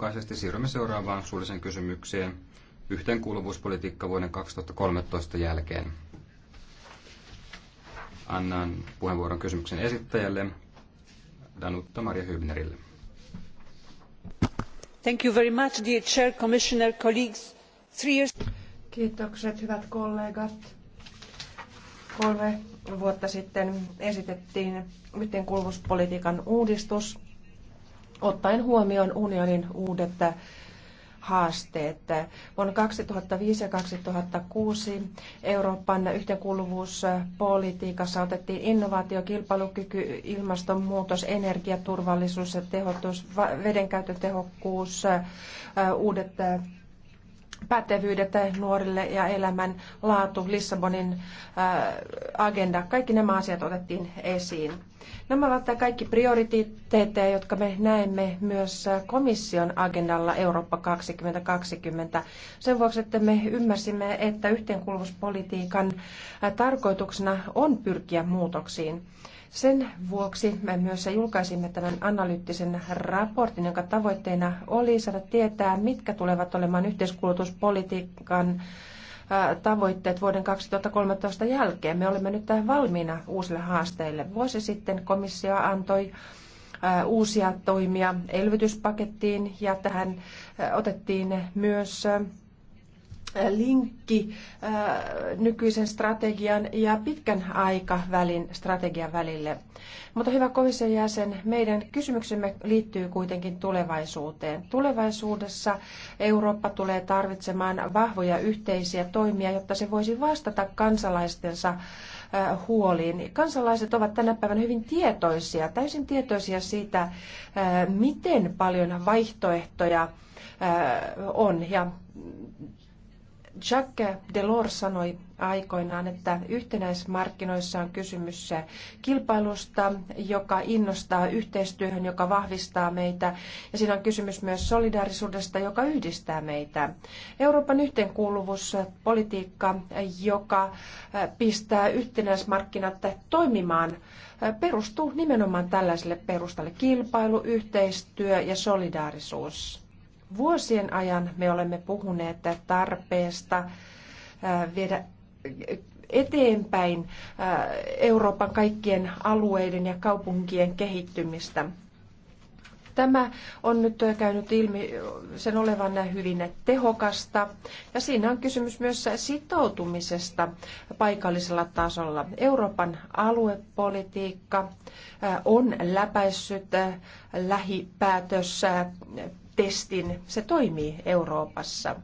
mukaisesti siirrymme seuraavaan suulliseen kysymykseen yhteenkuuluvuuspolitiikka vuoden 2013 jälkeen. Annan puheenvuoron kysymyksen esittäjälle Danutta Maria Hybnerille. Thank you very much, dear chair, commissioner, colleagues. Three years... Kiitokset, hyvät kollegat. Kolme vuotta sitten esitettiin yhteenkuuluvuuspolitiikan uudistus ottaen huomioon unionin uudet äh, haasteet. Vuonna 2005 ja 2006 Euroopan yhteenkuuluvuuspolitiikassa otettiin innovaatio, kilpailukyky, ilmastonmuutos, energiaturvallisuus ja tehotus, vedenkäyttötehokkuus, äh, uudet äh, pätevyydet nuorille ja elämän laatu, Lissabonin äh, agenda, kaikki nämä asiat otettiin esiin. Nämä ovat kaikki prioriteetteja, jotka me näemme myös äh, komission agendalla Eurooppa 2020. Sen vuoksi, että me ymmärsimme, että yhteenkuuluvuuspolitiikan äh, tarkoituksena on pyrkiä muutoksiin. Sen vuoksi me myös julkaisimme tämän analyyttisen raportin, jonka tavoitteena oli saada tietää, mitkä tulevat olemaan yhteiskulutuspolitiikan tavoitteet vuoden 2013 jälkeen. Me olemme nyt valmiina uusille haasteille. Vuosi sitten komissio antoi uusia toimia elvytyspakettiin ja tähän otettiin myös linkki äh, nykyisen strategian ja pitkän aikavälin strategian välille. Mutta hyvä komission jäsen, meidän kysymyksemme liittyy kuitenkin tulevaisuuteen. Tulevaisuudessa Eurooppa tulee tarvitsemaan vahvoja yhteisiä toimia, jotta se voisi vastata kansalaistensa äh, huoliin. Kansalaiset ovat tänä päivänä hyvin tietoisia, täysin tietoisia siitä, äh, miten paljon vaihtoehtoja on ja Jacques Delors sanoi aikoinaan, että yhtenäismarkkinoissa on kysymys kilpailusta, joka innostaa yhteistyöhön, joka vahvistaa meitä. Ja siinä on kysymys myös solidaarisuudesta, joka yhdistää meitä. Euroopan yhteenkuuluvuus, politiikka, joka pistää yhtenäismarkkinat toimimaan, perustuu nimenomaan tällaiselle perustalle. Kilpailu, yhteistyö ja solidaarisuus. Vuosien ajan me olemme puhuneet tarpeesta äh, viedä eteenpäin äh, Euroopan kaikkien alueiden ja kaupunkien kehittymistä. Tämä on nyt käynyt ilmi sen olevan hyvin tehokasta ja siinä on kysymys myös sitoutumisesta paikallisella tasolla. Euroopan aluepolitiikka äh, on läpäissyt lähipäätössä testin. Se toimii Euroopassa.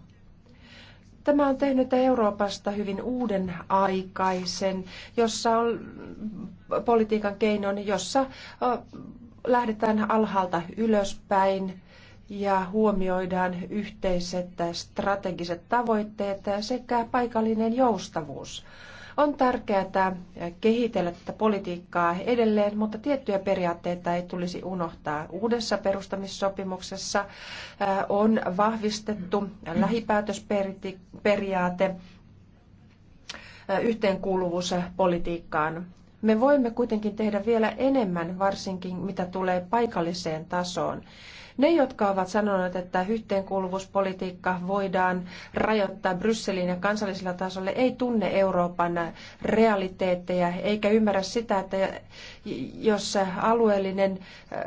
Tämä on tehnyt Euroopasta hyvin uuden aikaisen, jossa on politiikan keinon, jossa lähdetään alhaalta ylöspäin ja huomioidaan yhteiset strategiset tavoitteet sekä paikallinen joustavuus. On tärkeää eh, kehitellä tätä politiikkaa edelleen, mutta tiettyjä periaatteita ei tulisi unohtaa. Uudessa perustamissopimuksessa eh, on vahvistettu lähipäätösperiaate eh, politiikkaan. Me voimme kuitenkin tehdä vielä enemmän, varsinkin mitä tulee paikalliseen tasoon. Ne, jotka ovat sanoneet, että yhteenkuuluvuuspolitiikka voidaan rajoittaa Brysselin ja kansallisella tasolla, ei tunne Euroopan realiteetteja eikä ymmärrä sitä, että jos alueellinen äh,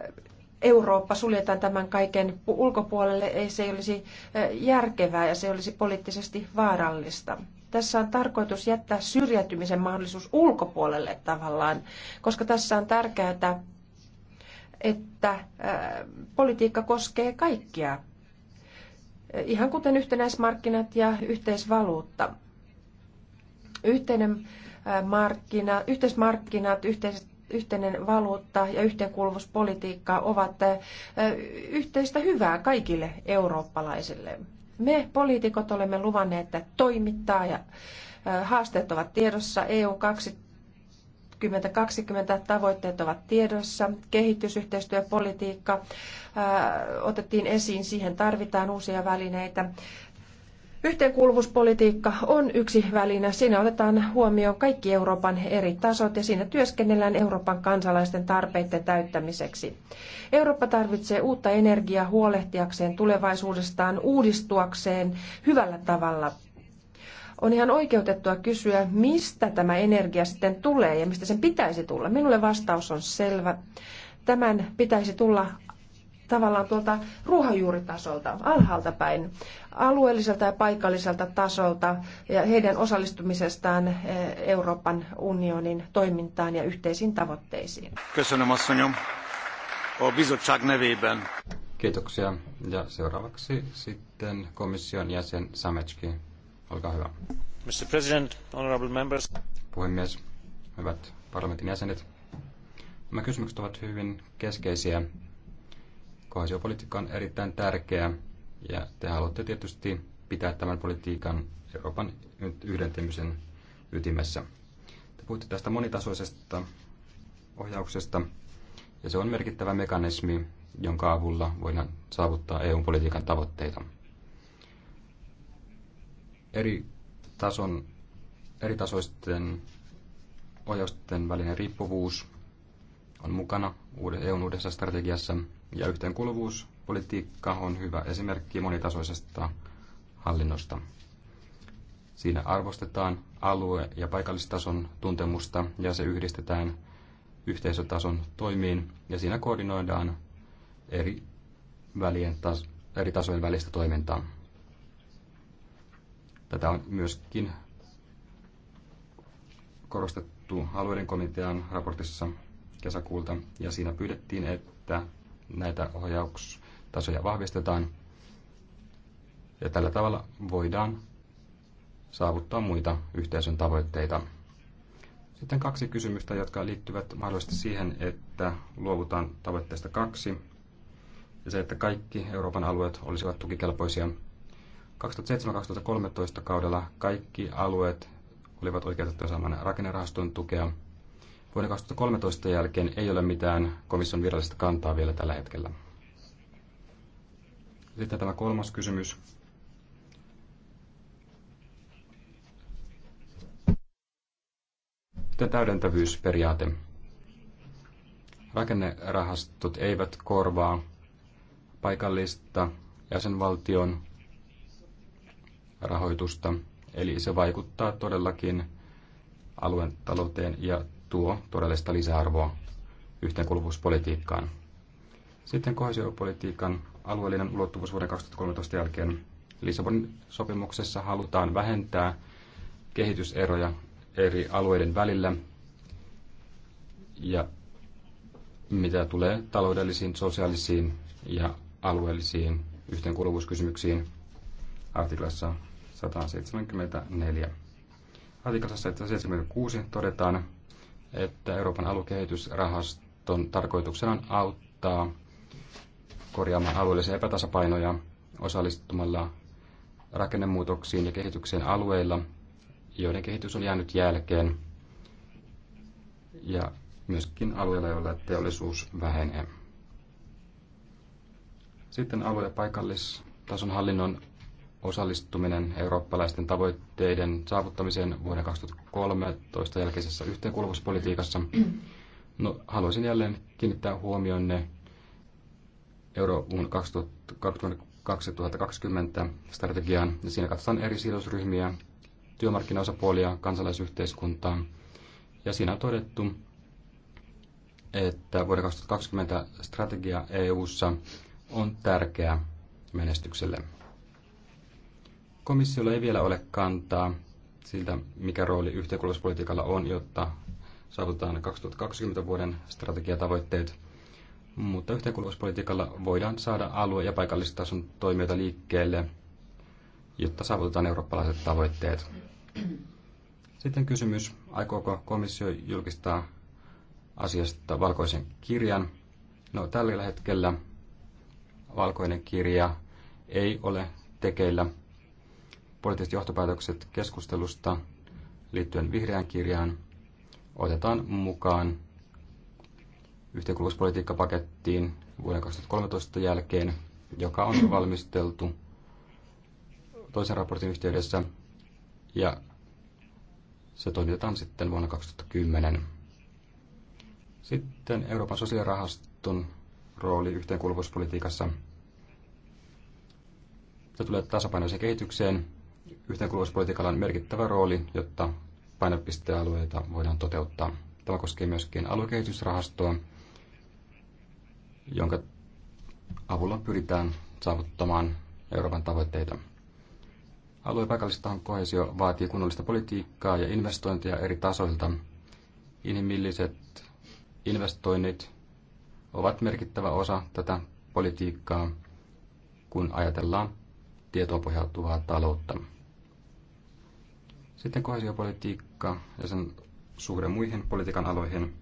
Eurooppa suljetaan tämän kaiken ulkopuolelle, ei se olisi äh, järkevää ja se olisi poliittisesti vaarallista. Tässä on tarkoitus jättää syrjäytymisen mahdollisuus ulkopuolelle tavallaan, koska tässä on tärkeää että että äh, politiikka koskee kaikkia, ihan kuten yhtenäismarkkinat ja yhteisvaluutta. Yhteinen äh, markkina, yhteismarkkinat, yhteiset yhteinen valuutta ja yhteenkuuluvuuspolitiikka ovat äh, yhteistä hyvää kaikille eurooppalaisille. Me poliitikot olemme luvanneet että toimittaa ja haasteet ovat tiedossa. EU 2020 tavoitteet ovat tiedossa. Kehitysyhteistyöpolitiikka otettiin esiin, siihen tarvitaan uusia välineitä. Yhteenkuuluvuuspolitiikka on yksi väline. Siinä otetaan huomioon kaikki Euroopan eri tasot ja siinä työskennellään Euroopan kansalaisten tarpeiden täyttämiseksi. Eurooppa tarvitsee uutta energiaa huolehtiakseen tulevaisuudestaan, uudistuakseen hyvällä tavalla – on ihan oikeutettua kysyä, mistä tämä energia sitten tulee ja mistä sen pitäisi tulla. Minulle vastaus on selvä. Tämän pitäisi tulla tavallaan tuolta ruohonjuuritasolta, alhaalta päin, alueelliselta ja paikalliselta tasolta ja heidän osallistumisestaan eh, Euroopan unionin toimintaan ja yhteisiin tavoitteisiin. Kiitoksia. Ja seuraavaksi sitten komission jäsen Sametski. Olkaa hyvä. Mr. President, honorable members. Puhemies, hyvät parlamentin jäsenet. Nämä kysymykset ovat hyvin keskeisiä. Kohesiopolitiikka on erittäin tärkeä ja te haluatte tietysti pitää tämän politiikan Euroopan yhdentymisen ytimessä. Te puhutte tästä monitasoisesta ohjauksesta ja se on merkittävä mekanismi, jonka avulla voidaan saavuttaa EU-politiikan tavoitteita eri, tason, eri tasoisten ohjausten välinen riippuvuus on mukana EUn uudessa strategiassa ja yhteenkuuluvuuspolitiikka on hyvä esimerkki monitasoisesta hallinnosta. Siinä arvostetaan alue- ja paikallistason tuntemusta ja se yhdistetään yhteisötason toimiin ja siinä koordinoidaan eri, välien eri tasojen välistä toimintaa. Tätä on myöskin korostettu alueiden komitean raportissa kesäkuulta, ja siinä pyydettiin, että näitä ohjaustasoja vahvistetaan, ja tällä tavalla voidaan saavuttaa muita yhteisön tavoitteita. Sitten kaksi kysymystä, jotka liittyvät mahdollisesti siihen, että luovutaan tavoitteesta kaksi, ja se, että kaikki Euroopan alueet olisivat tukikelpoisia – 2007-2013 kaudella kaikki alueet olivat oikeutettuja saamaan rakennerahaston tukea. Vuoden 2013 jälkeen ei ole mitään komission virallista kantaa vielä tällä hetkellä. Sitten tämä kolmas kysymys. Sitten täydentävyysperiaate. Rakennerahastot eivät korvaa paikallista jäsenvaltion rahoitusta. Eli se vaikuttaa todellakin alueen talouteen ja tuo todellista lisäarvoa yhteenkuuluvuuspolitiikkaan. Sitten kohesiopolitiikan alueellinen ulottuvuus vuoden 2013 jälkeen. Lissabonin sopimuksessa halutaan vähentää kehityseroja eri alueiden välillä ja mitä tulee taloudellisiin, sosiaalisiin ja alueellisiin yhteenkuuluvuuskysymyksiin artiklassa 174. Artiklassa 176 todetaan, että Euroopan alukehitysrahaston tarkoituksena on auttaa korjaamaan alueellisia epätasapainoja osallistumalla rakennemuutoksiin ja kehitykseen alueilla, joiden kehitys on jäänyt jälkeen ja myöskin alueilla, joilla teollisuus vähenee. Sitten alue- ja paikallistason hallinnon osallistuminen eurooppalaisten tavoitteiden saavuttamiseen vuoden 2013 jälkeisessä yhteenkuuluvuuspolitiikassa. No, haluaisin jälleen kiinnittää huomionne EUn 2020 strategiaan. Ja siinä katsotaan eri sidosryhmiä, työmarkkinaosapuolia, kansalaisyhteiskuntaa. Ja siinä on todettu, että vuoden 2020 strategia EUssa on tärkeä menestykselle. Komissiolla ei vielä ole kantaa siltä, mikä rooli yhteenkuuluvuuspolitiikalla on, jotta saavutetaan 2020 vuoden strategiatavoitteet. Mutta yhteenkuuluvuuspolitiikalla voidaan saada alue- ja paikallistason toimijoita liikkeelle, jotta saavutetaan eurooppalaiset tavoitteet. Sitten kysymys, aikooko komissio julkistaa asiasta valkoisen kirjan? No tällä hetkellä valkoinen kirja ei ole tekeillä, poliittiset johtopäätökset keskustelusta liittyen vihreään kirjaan otetaan mukaan yhteenkuuluvuuspolitiikkapakettiin vuoden 2013 jälkeen, joka on valmisteltu toisen raportin yhteydessä ja se toimitetaan sitten vuonna 2010. Sitten Euroopan sosiaalirahaston rooli yhteenkuuluvuuspolitiikassa. Se tulee tasapainoiseen kehitykseen Yhteenkuuluvuuspolitiikalla on merkittävä rooli, jotta painopistealueita voidaan toteuttaa. Tämä koskee myöskin aluekehitysrahastoa, jonka avulla pyritään saavuttamaan Euroopan tavoitteita. Alueen paikallistahan kohesio vaatii kunnollista politiikkaa ja investointeja eri tasoilta. Inhimilliset investoinnit ovat merkittävä osa tätä politiikkaa, kun ajatellaan tietoa pohjautuvaa taloutta. Sitten kohesiopolitiikka ja sen suhde muihin politiikan aloihin.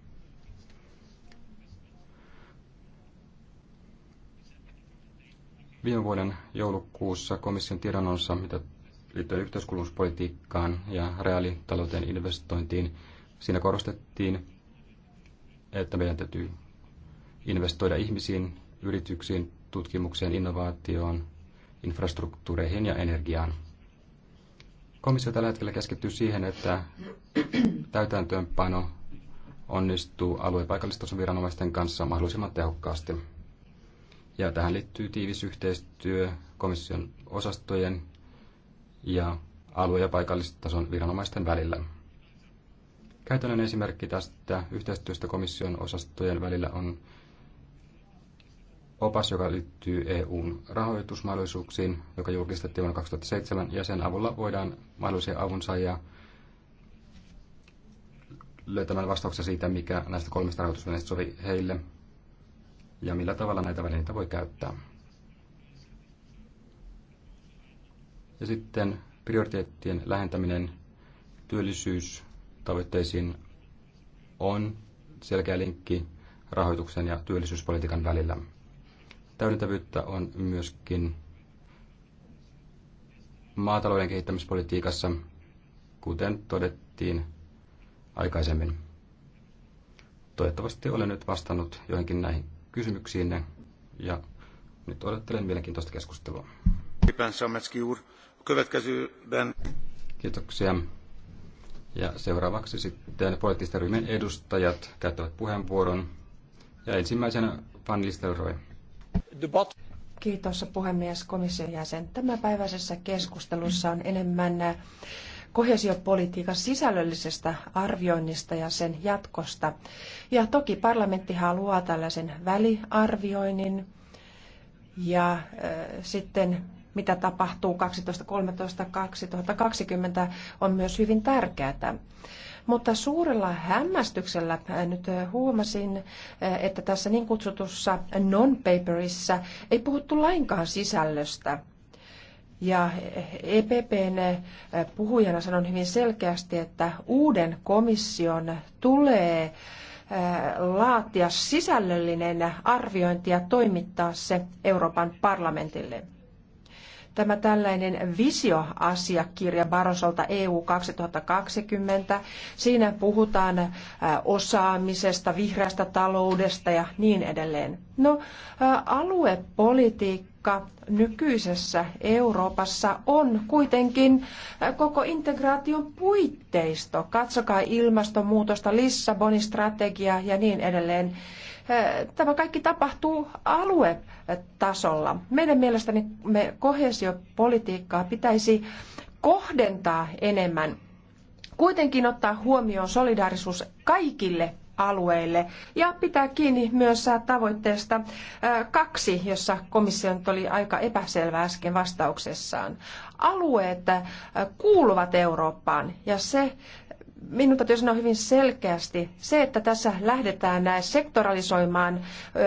Viime vuoden joulukuussa komission tiedonannossa, mitä liittyy yhteiskunnallisuuspolitiikkaan ja reaalitalouteen investointiin, siinä korostettiin, että meidän täytyy investoida ihmisiin, yrityksiin, tutkimukseen, innovaatioon, infrastruktuureihin ja energiaan. Komissio tällä hetkellä keskittyy siihen, että täytäntöönpano onnistuu aluepaikallistason viranomaisten kanssa mahdollisimman tehokkaasti. Ja tähän liittyy tiivis yhteistyö komission osastojen ja alue- ja paikallistason viranomaisten välillä. Käytännön esimerkki tästä yhteistyöstä komission osastojen välillä on opas, joka liittyy EUn rahoitusmahdollisuuksiin, joka julkistettiin vuonna 2007, ja sen avulla voidaan mahdollisia avunsaajia löytämään vastauksia siitä, mikä näistä kolmesta rahoitusvälineistä sovi heille ja millä tavalla näitä välineitä voi käyttää. Ja sitten prioriteettien lähentäminen työllisyystavoitteisiin on selkeä linkki rahoituksen ja työllisyyspolitiikan välillä. Täydentävyyttä on myöskin maatalouden kehittämispolitiikassa, kuten todettiin aikaisemmin. Toivottavasti olen nyt vastannut joihinkin näihin kysymyksiinne ja nyt odottelen mielenkiintoista keskustelua. Kiitoksia. Ja seuraavaksi sitten poliittisten ryhmien edustajat käyttävät puheenvuoron. Ja ensimmäisenä Van Nistelrooy debat... Kiitos puhemies komission jäsen. Tämänpäiväisessä keskustelussa on enemmän äh, kohesiopolitiikan sisällöllisestä arvioinnista ja sen jatkosta. Ja toki parlamentti haluaa tällaisen väliarvioinnin ja äh, sitten mitä tapahtuu 2013-2020 on myös hyvin tärkeää. Mutta suurella hämmästyksellä nyt huomasin, että tässä niin kutsutussa non-paperissa ei puhuttu lainkaan sisällöstä. Ja EPPn puhujana sanon hyvin selkeästi, että uuden komission tulee laatia sisällöllinen arviointi ja toimittaa se Euroopan parlamentille. Tämä tällainen visioasiakirja Barosolta EU 2020, siinä puhutaan osaamisesta, vihreästä taloudesta ja niin edelleen. No, aluepolitiikka nykyisessä Euroopassa on kuitenkin koko integraation puitteisto. Katsokaa ilmastonmuutosta, Lissabonin strategia ja niin edelleen. Tämä kaikki tapahtuu aluepolitiikassa tasolla. Meidän mielestäni me kohesiopolitiikkaa pitäisi kohdentaa enemmän, kuitenkin ottaa huomioon solidaarisuus kaikille alueille ja pitää kiinni myös tavoitteesta kaksi, jossa komissio oli aika epäselvä äsken vastauksessaan. Alueet kuuluvat Eurooppaan ja se, minun täytyy sanoa hyvin selkeästi, se, että tässä lähdetään näin sektoralisoimaan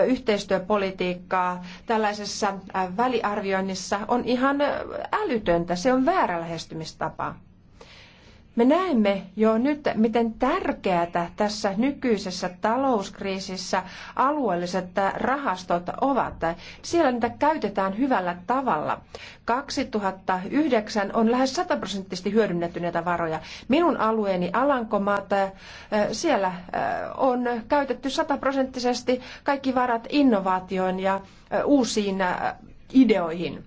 yhteistyöpolitiikkaa tällaisessa väliarvioinnissa on ihan älytöntä. Se on väärä lähestymistapa. Me näemme jo nyt, miten tärkeätä tässä nykyisessä talouskriisissä alueelliset rahastot ovat. Siellä niitä käytetään hyvällä tavalla. 2009 on lähes 100 prosenttisesti hyödynnetty näitä varoja. Minun alueeni Alankomaat, siellä on käytetty 100 prosenttisesti kaikki varat innovaatioon ja uusiin ideoihin.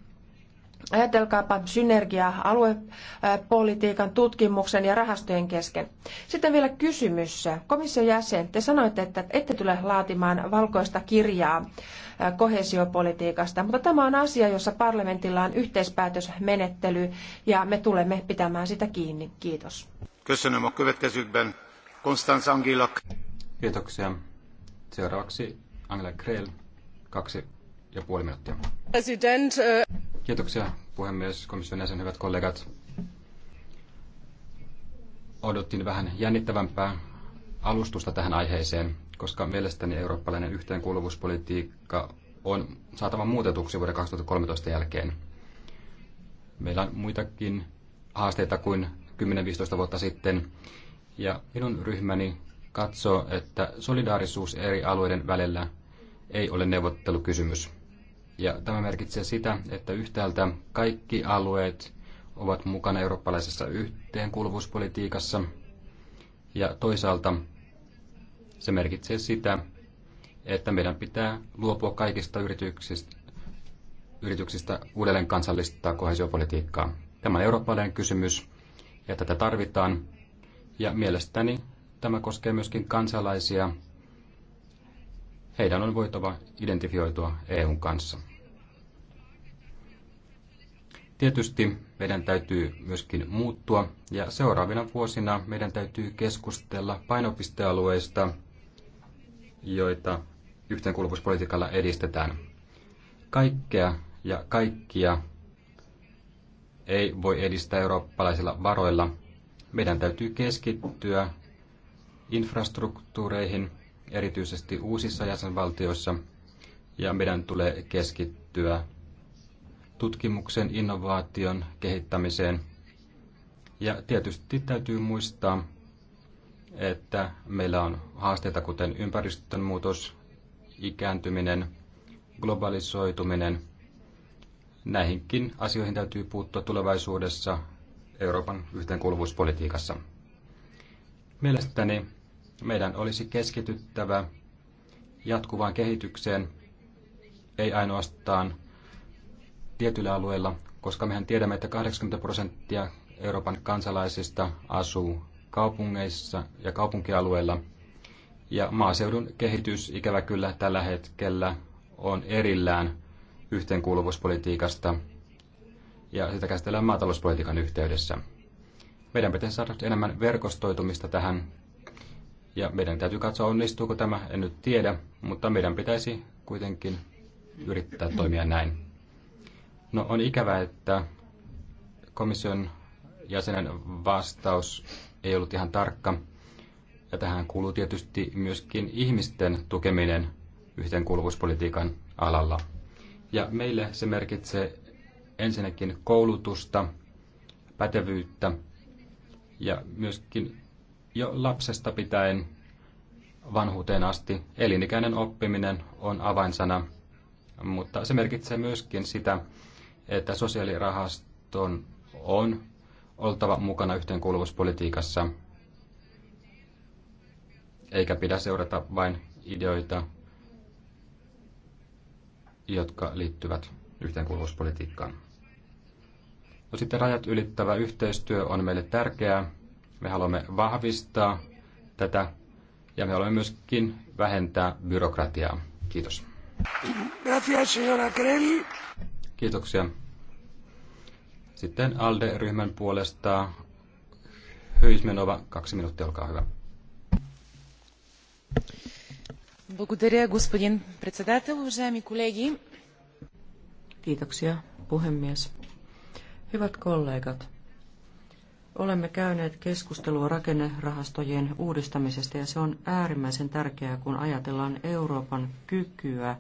Ajatelkaapa synergiaa aluepolitiikan, tutkimuksen ja rahastojen kesken. Sitten vielä kysymys. Komission jäsen, te sanoitte, että ette tule laatimaan valkoista kirjaa kohesiopolitiikasta, mutta tämä on asia, jossa parlamentilla on yhteispäätösmenettely ja me tulemme pitämään sitä kiinni. Kiitos. Kiitoksia. Seuraavaksi Angela Krell, kaksi ja puoli minuuttia. President, uh Kiitoksia puhemies, komission jäsen, hyvät kollegat. Odottiin vähän jännittävämpää alustusta tähän aiheeseen, koska mielestäni eurooppalainen yhteenkuuluvuuspolitiikka on saatava muutetuksi vuoden 2013 jälkeen. Meillä on muitakin haasteita kuin 10-15 vuotta sitten, ja minun ryhmäni katsoo, että solidaarisuus eri alueiden välillä ei ole neuvottelukysymys. Ja tämä merkitsee sitä, että yhtäältä kaikki alueet ovat mukana eurooppalaisessa yhteenkuuluvuuspolitiikassa, ja toisaalta se merkitsee sitä, että meidän pitää luopua kaikista yrityksistä, yrityksistä uudelleen kansallista kohesiopolitiikkaa. Tämä on eurooppalainen kysymys, ja tätä tarvitaan, ja mielestäni tämä koskee myöskin kansalaisia heidän on voitava identifioitua EUn kanssa. Tietysti meidän täytyy myöskin muuttua ja seuraavina vuosina meidän täytyy keskustella painopistealueista, joita yhteenkuuluvuuspolitiikalla edistetään. Kaikkea ja kaikkia ei voi edistää eurooppalaisilla varoilla. Meidän täytyy keskittyä infrastruktuureihin, erityisesti uusissa jäsenvaltioissa, ja meidän tulee keskittyä tutkimuksen, innovaation kehittämiseen. Ja tietysti täytyy muistaa, että meillä on haasteita kuten ympäristönmuutos, ikääntyminen, globalisoituminen. Näihinkin asioihin täytyy puuttua tulevaisuudessa Euroopan yhteenkuuluvuuspolitiikassa. Mielestäni meidän olisi keskityttävä jatkuvaan kehitykseen, ei ainoastaan tietyillä alueilla, koska mehän tiedämme, että 80 prosenttia Euroopan kansalaisista asuu kaupungeissa ja kaupunkialueilla. Ja maaseudun kehitys ikävä kyllä tällä hetkellä on erillään yhteenkuuluvuuspolitiikasta ja sitä käsitellään maatalouspolitiikan yhteydessä. Meidän pitäisi saada enemmän verkostoitumista tähän ja meidän täytyy katsoa, onnistuuko tämä, en nyt tiedä, mutta meidän pitäisi kuitenkin yrittää toimia näin. No on ikävää, että komission jäsenen vastaus ei ollut ihan tarkka. Ja tähän kuuluu tietysti myöskin ihmisten tukeminen yhteenkuuluvuuspolitiikan alalla. Ja meille se merkitsee ensinnäkin koulutusta, pätevyyttä ja myöskin jo lapsesta pitäen vanhuuteen asti. Elinikäinen oppiminen on avainsana, mutta se merkitsee myöskin sitä, että sosiaalirahaston on oltava mukana yhteenkuuluvuuspolitiikassa, eikä pidä seurata vain ideoita, jotka liittyvät yhteenkuuluvuuspolitiikkaan. No sitten rajat ylittävä yhteistyö on meille tärkeää, me haluamme vahvistaa tätä ja me haluamme myöskin vähentää byrokratiaa. Kiitos. Gracias, señora Krell. Kiitoksia. Sitten ALDE-ryhmän puolesta Hyismenova, kaksi minuuttia, olkaa hyvä. Благодаря, господин председател, уважаеми колеги. Kiitoksia, puhemies. Hyvät kollegat, Olemme käyneet keskustelua rakennerahastojen uudistamisesta ja se on äärimmäisen tärkeää, kun ajatellaan Euroopan kykyä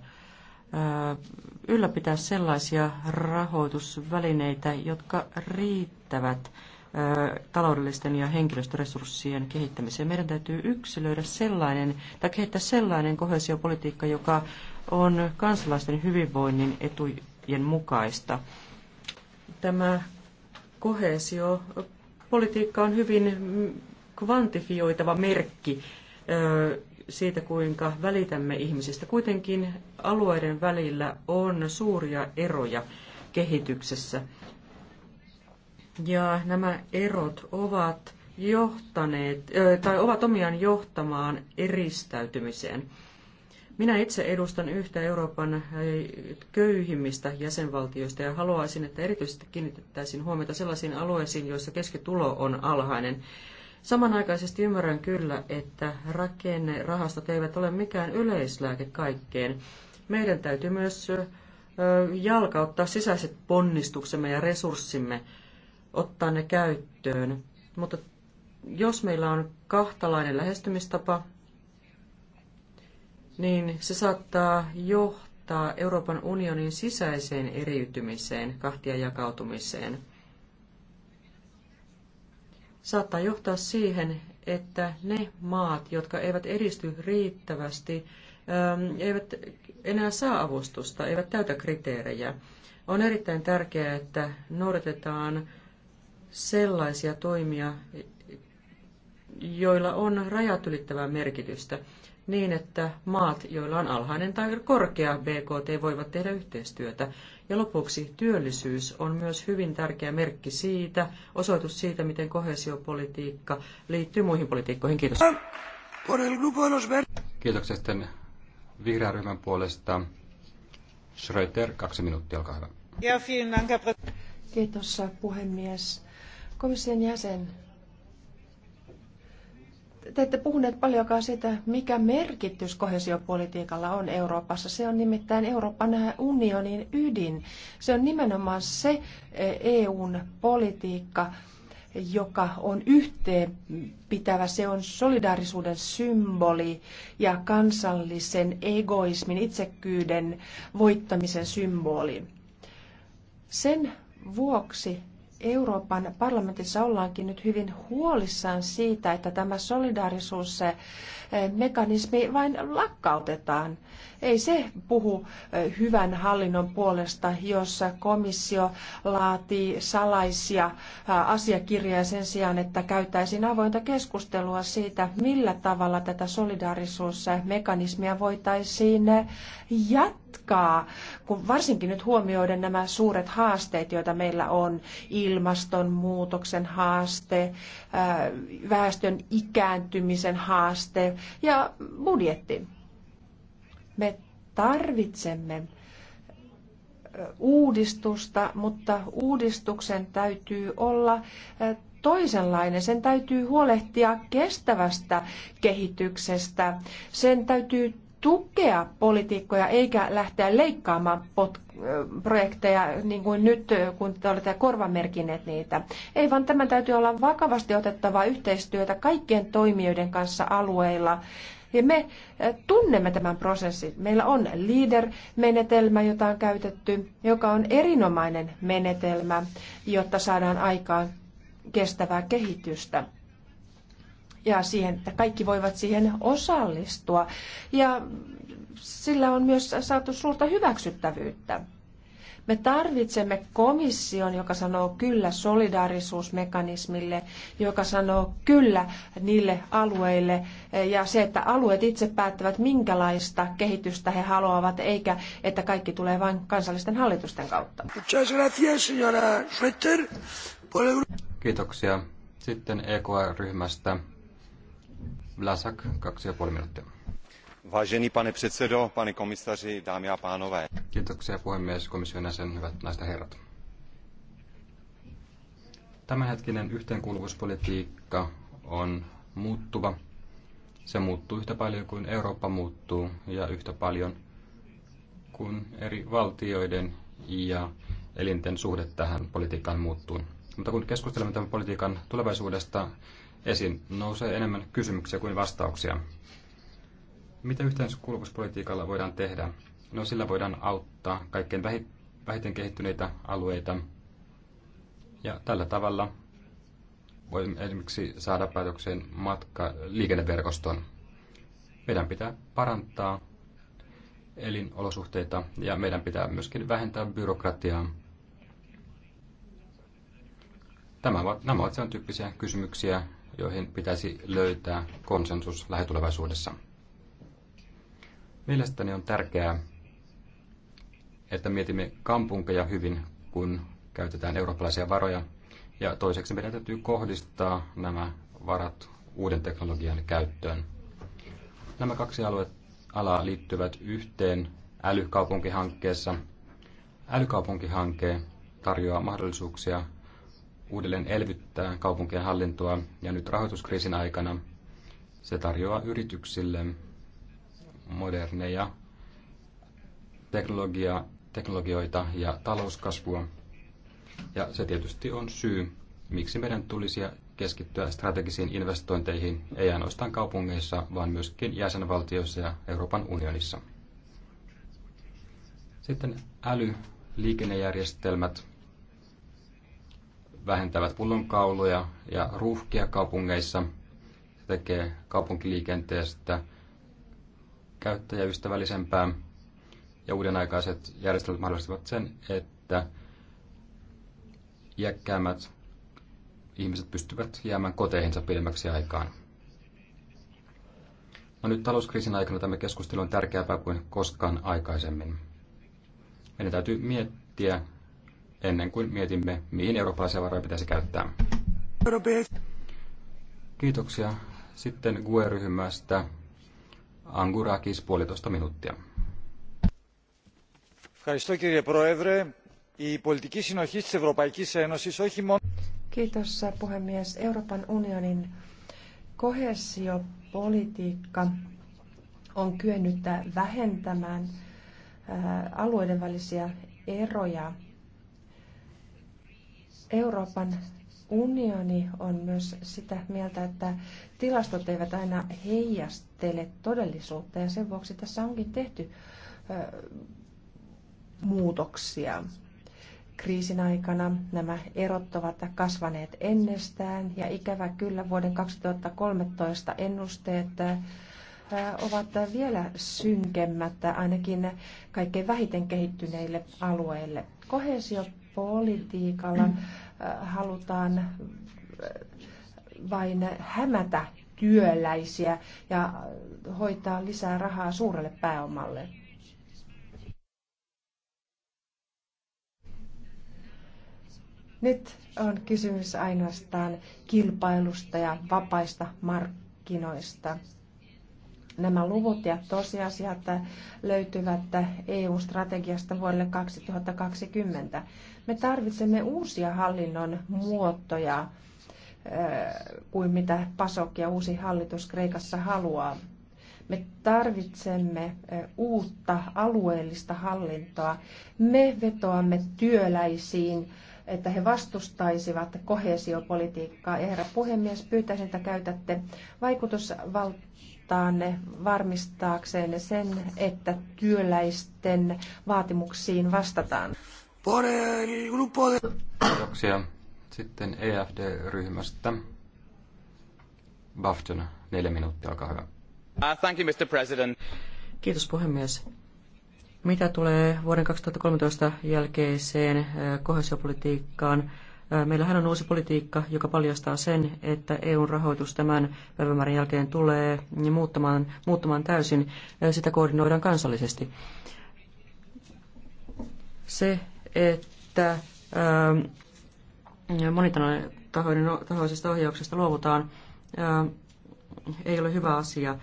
ylläpitää sellaisia rahoitusvälineitä, jotka riittävät taloudellisten ja henkilöstöresurssien kehittämiseen. Meidän täytyy yksilöidä sellainen tai kehittää sellainen kohesiopolitiikka, joka on kansalaisten hyvinvoinnin etujen mukaista. Tämä kohesio politiikka on hyvin kvantifioitava merkki siitä, kuinka välitämme ihmisistä. Kuitenkin alueiden välillä on suuria eroja kehityksessä. Ja nämä erot ovat johtaneet, tai ovat omiaan johtamaan eristäytymiseen. Minä itse edustan yhtä Euroopan äh, köyhimmistä jäsenvaltioista ja haluaisin, että erityisesti kiinnitettäisiin huomiota sellaisiin alueisiin, joissa keskitulo on alhainen. Samanaikaisesti ymmärrän kyllä, että rakennerahastot eivät ole mikään yleislääke kaikkeen. Meidän täytyy myös äh, jalkauttaa sisäiset ponnistuksemme ja resurssimme, ottaa ne käyttöön. Mutta jos meillä on kahtalainen lähestymistapa, niin se saattaa johtaa Euroopan unionin sisäiseen eriytymiseen, kahtia jakautumiseen. Saattaa johtaa siihen, että ne maat, jotka eivät edisty riittävästi, ähm, eivät enää saa avustusta, eivät täytä kriteerejä. On erittäin tärkeää, että noudatetaan sellaisia toimia, joilla on rajat ylittävää merkitystä niin, että maat, joilla on alhainen tai korkea BKT, voivat tehdä yhteistyötä. Ja lopuksi työllisyys on myös hyvin tärkeä merkki siitä, osoitus siitä, miten kohesiopolitiikka liittyy muihin politiikkoihin. Kiitos. Kiitoksia sitten vihreän ryhmän puolesta. Schröter, kaksi minuuttia, olkaa hyvä. Kiitos puhemies. Komission jäsen, te ette puhuneet paljonkaan siitä, mikä merkitys kohesiopolitiikalla on Euroopassa. Se on nimittäin Euroopan unionin ydin. Se on nimenomaan se e, EUn politiikka, joka on yhteenpitävä, se on solidaarisuuden symboli ja kansallisen egoismin, itsekkyyden voittamisen symboli. Sen vuoksi Euroopan parlamentissa ollaankin nyt hyvin huolissaan siitä, että tämä solidaarisuusmekanismi vain lakkautetaan. Ei se puhu hyvän hallinnon puolesta, jossa komissio laatii salaisia asiakirjoja sen sijaan, että käytäisiin avointa keskustelua siitä, millä tavalla tätä solidaarisuusmekanismia voitaisiin jatkaa, kun varsinkin nyt huomioiden nämä suuret haasteet, joita meillä on, ilmastonmuutoksen haaste, väestön ikääntymisen haaste ja budjetti. Me tarvitsemme uudistusta, mutta uudistuksen täytyy olla toisenlainen. Sen täytyy huolehtia kestävästä kehityksestä. Sen täytyy tukea poliitikkoja eikä lähteä leikkaamaan pot- projekteja niin kuin nyt, kun te olette korvamerkineet niitä. Ei vaan tämän täytyy olla vakavasti otettavaa yhteistyötä kaikkien toimijoiden kanssa alueilla ja me eh, tunnemme tämän prosessin. Meillä on leader-menetelmä, jota on käytetty, joka on erinomainen menetelmä, jotta saadaan aikaan kestävää kehitystä ja siihen, että kaikki voivat siihen osallistua. Ja sillä on myös saatu suurta hyväksyttävyyttä. Me tarvitsemme komission, joka sanoo kyllä solidaarisuusmekanismille, joka sanoo kyllä niille alueille e, ja se, että alueet itse päättävät, minkälaista kehitystä he haluavat, eikä että kaikki tulee vain kansallisten hallitusten kautta. Kiitoksia. Sitten EKR-ryhmästä Vlasak, kaksi ja puoli minuuttia. Vážený pane předsedo, pane komisaři, dámy a pánové. Tämänhetkinen yhteenkuuluvuuspolitiikka on muuttuva. Se muuttuu yhtä paljon kuin Eurooppa muuttuu ja yhtä paljon kuin eri valtioiden ja elinten suhde tähän politiikkaan muuttuu. Mutta kun keskustelemme tämän politiikan tulevaisuudesta, esiin nousee enemmän kysymyksiä kuin vastauksia. Mitä yhteiskuuluvuuspolitiikalla voidaan tehdä? No sillä voidaan auttaa kaikkein vähiten kehittyneitä alueita. Ja tällä tavalla voimme esimerkiksi saada päätökseen matka liikenneverkoston. Meidän pitää parantaa elinolosuhteita ja meidän pitää myöskin vähentää byrokratiaa. Tämä ovat, nämä ovat sen tyyppisiä kysymyksiä, joihin pitäisi löytää konsensus lähitulevaisuudessa. Mielestäni on tärkeää, että mietimme kampunkeja hyvin, kun käytetään eurooppalaisia varoja. Ja toiseksi meidän täytyy kohdistaa nämä varat uuden teknologian käyttöön. Nämä kaksi alue- alaa liittyvät yhteen älykaupunkihankkeessa. Älykaupunkihanke tarjoaa mahdollisuuksia uudelleen elvyttää kaupunkien hallintoa ja nyt rahoituskriisin aikana se tarjoaa yrityksille moderneja teknologia, teknologioita ja talouskasvua. Ja se tietysti on syy, miksi meidän tulisi keskittyä strategisiin investointeihin, ei ainoastaan kaupungeissa, vaan myöskin jäsenvaltioissa ja Euroopan unionissa. Sitten äly, liikennejärjestelmät vähentävät pullonkauluja ja ruuhkia kaupungeissa. Se tekee kaupunkiliikenteestä käyttäjäystävällisempää ja uudenaikaiset järjestelmät mahdollistavat sen, että iäkkäämmät ihmiset pystyvät jäämään koteihinsa pidemmäksi aikaan. No nyt talouskriisin aikana tämä keskustelu on tärkeämpää kuin koskaan aikaisemmin. Meidän täytyy miettiä ennen kuin mietimme, mihin eurooppalaisia varoja pitäisi käyttää. Kiitoksia. Sitten GUE-ryhmästä Angurakis puolitoista minuuttia. Ευχαριστώ κύριε Πρόεδρε. Η πολιτική συνοχή της Ευρωπαϊκής Ένωσης όχι μόνο... puhemies. Euroopan unionin koheesiopolitiikka on kyennyt vähentämään alueiden välisiä eroja. Euroopan unioni on myös sitä mieltä, että tilastot eivät aina heijasta teille todellisuutta ja sen vuoksi tässä onkin tehty muutoksia. Kriisin aikana nämä erot ovat kasvaneet ennestään ja ikävä kyllä vuoden 2013 ennusteet ovat vielä synkemmät ainakin kaikkein vähiten kehittyneille alueille. Kohesiopolitiikalla halutaan vain hämätä työläisiä ja hoitaa lisää rahaa suurelle pääomalle. Nyt on kysymys ainoastaan kilpailusta ja vapaista markkinoista. Nämä luvut ja tosiasiat löytyvät EU-strategiasta vuodelle 2020. Me tarvitsemme uusia hallinnon muotoja kuin mitä PASOK ja uusi hallitus Kreikassa haluaa. Me tarvitsemme uutta alueellista hallintoa. Me vetoamme työläisiin, että he vastustaisivat kohesiopolitiikkaa. Ja herra puhemies, pyytäisin, että käytätte vaikutusvaltaanne varmistaakseen sen, että työläisten vaatimuksiin vastataan. Kiitoksia. Sitten EFD-ryhmästä. Bafton, neljä minuuttia, olkaa hyvä. Uh, thank you, Mr. President. Kiitos puhemies. Mitä tulee vuoden 2013 jälkeiseen uh, kohesiopolitiikkaan, uh, Meillähän on uusi politiikka, joka paljastaa sen, että EUn rahoitus tämän päivämäärän jälkeen tulee muuttamaan, muuttamaan täysin. Sitä koordinoidaan kansallisesti. Se, että monitahoisesta ohjauksesta luovutaan, ei ole hyvä asia.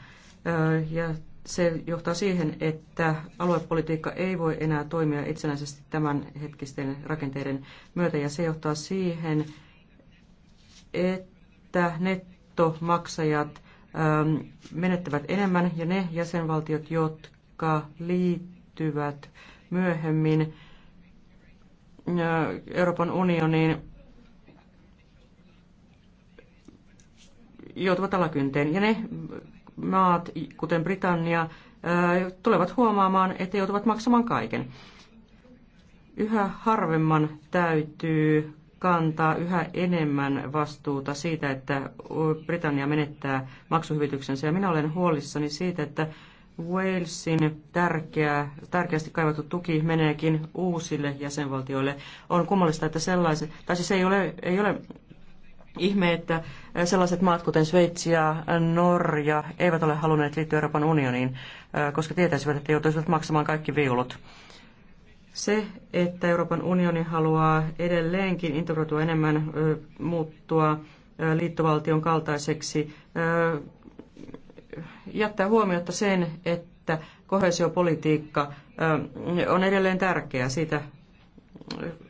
Ja se johtaa siihen, että aluepolitiikka ei voi enää toimia itsenäisesti tämän hetkisten rakenteiden myötä, ja se johtaa siihen, että nettomaksajat menettävät enemmän, ja ne jäsenvaltiot, jotka liittyvät myöhemmin Euroopan unioniin, joutuvat alakynteen. Ja ne maat, kuten Britannia, tulevat huomaamaan, että joutuvat maksamaan kaiken. Yhä harvemman täytyy kantaa yhä enemmän vastuuta siitä, että Britannia menettää maksuhyvityksensä. Ja minä olen huolissani siitä, että Walesin tärkeä, tärkeästi kaivattu tuki meneekin uusille jäsenvaltioille. On kummallista, että sellaiset, tai siis ei ole, ei ole ihme, että sellaiset maat kuten Sveitsi ja Norja eivät ole halunneet liittyä Euroopan unioniin, koska tietäisivät, että joutuisivat maksamaan kaikki viulut. Se, että Euroopan unioni haluaa edelleenkin integroitua enemmän, muuttua liittovaltion kaltaiseksi, jättää huomiota sen, että kohesiopolitiikka on edelleen tärkeää. Siitä